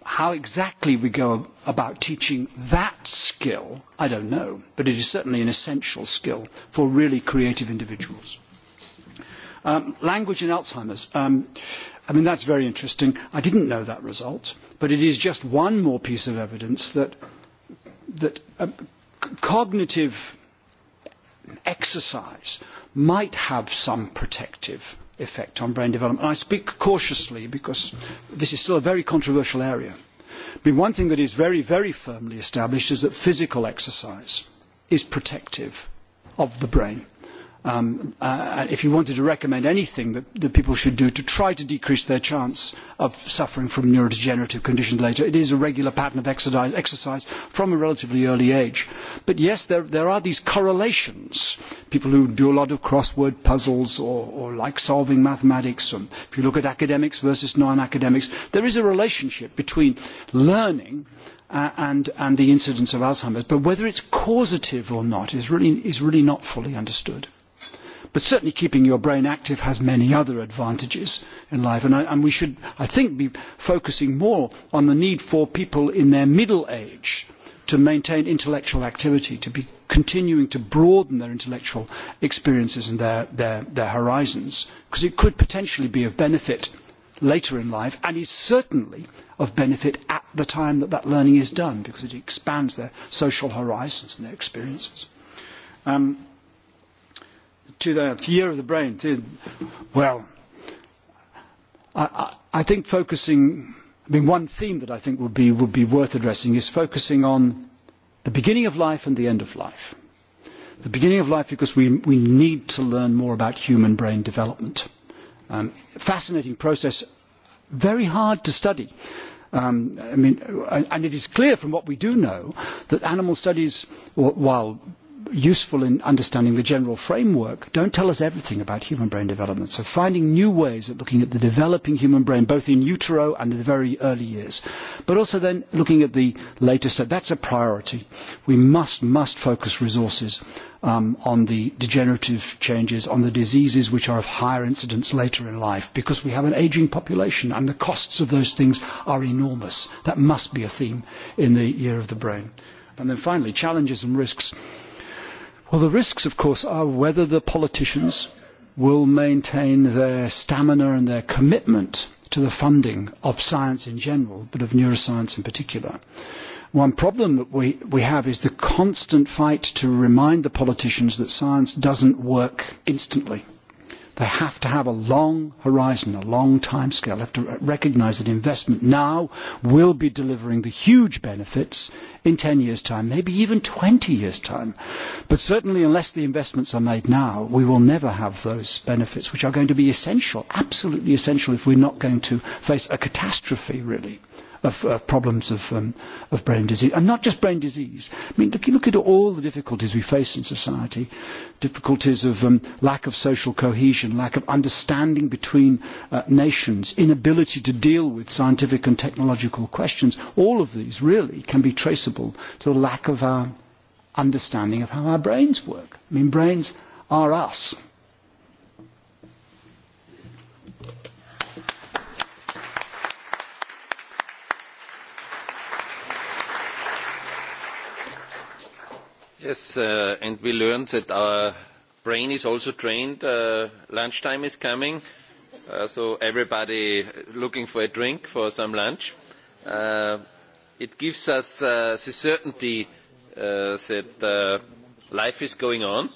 how exactly we go about teaching that skill, I don't know, but it is certainly an essential skill for really creative individuals. Um, language in Alzheimer's. Um, I mean, that's very interesting. I didn't know that result, but it is just one more piece of evidence that, that um, c- cognitive exercise might have some protective effect on brain development. And I speak cautiously because this is still a very controversial area. I mean, one thing that is very, very firmly established is that physical exercise is protective of the brain um, uh, uh, if you wanted to recommend anything that, that people should do to try to decrease their chance of suffering from neurodegenerative conditions later, it is a regular pattern of exercise, exercise from a relatively early age. But yes, there, there are these correlations. People who do a lot of crossword puzzles or, or like solving mathematics, and if you look at academics versus non-academics, there is a relationship between learning uh, and, and the incidence of Alzheimer's. But whether it's causative or not is really, is really not fully understood. But certainly keeping your brain active has many other advantages in life. And, I, and we should, I think, be focusing more on the need for people in their middle age to maintain intellectual activity, to be continuing to broaden their intellectual experiences and their, their, their horizons, because it could potentially be of benefit later in life and is certainly of benefit at the time that that learning is done because it expands their social horizons and their experiences. Um, to the year of the brain. To, well, I, I think focusing. I mean, one theme that I think would be would be worth addressing is focusing on the beginning of life and the end of life. The beginning of life, because we we need to learn more about human brain development. Um, fascinating process, very hard to study. Um, I mean, and it is clear from what we do know that animal studies, while useful in understanding the general framework, don't tell us everything about human brain development. So finding new ways of looking at the developing human brain, both in utero and in the very early years, but also then looking at the later stuff. That's a priority. We must, must focus resources um, on the degenerative changes, on the diseases which are of higher incidence later in life, because we have an aging population and the costs of those things are enormous. That must be a theme in the year of the brain. And then finally, challenges and risks. Uh, Well, the risks, of course, are whether the politicians will maintain their stamina and their commitment to the funding of science in general, but of neuroscience in particular. One problem that we, we have is the constant fight to remind the politicians that science doesn't work instantly. They have to have a long horizon, a long time scale. They have to recognize that investment now will be delivering the huge benefits in 10 years' time, maybe even 20 years' time. But certainly, unless the investments are made now, we will never have those benefits, which are going to be essential, absolutely essential, if we're not going to face a catastrophe, really of, of uh, problems of, um, of brain disease. And not just brain disease. I mean, look, look at all the difficulties we face in society. Difficulties of um, lack of social cohesion, lack of understanding between uh, nations, inability to deal with scientific and technological questions. All of these really can be traceable to a lack of our understanding of how our brains work. I mean, brains are us. Yes, uh, and we learned that our brain is also trained. Uh, lunchtime is coming, uh, so everybody looking for a drink for some lunch. Uh, it gives us uh, the certainty uh, that uh, life is going on.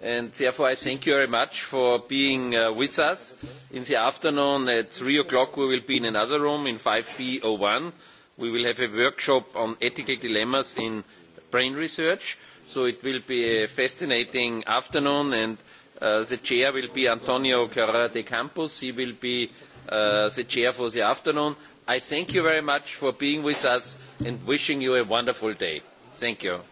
And therefore, I thank you very much for being uh, with us. In the afternoon at 3 o'clock, we will be in another room in 5B01. We will have a workshop on ethical dilemmas in brain research So it will be a fascinating afternoon and uh, the chair will be Antonio Carrera de Campos. He will be uh, the chair for the afternoon. I thank you very much for being with us and wishing you a wonderful day. Thank you.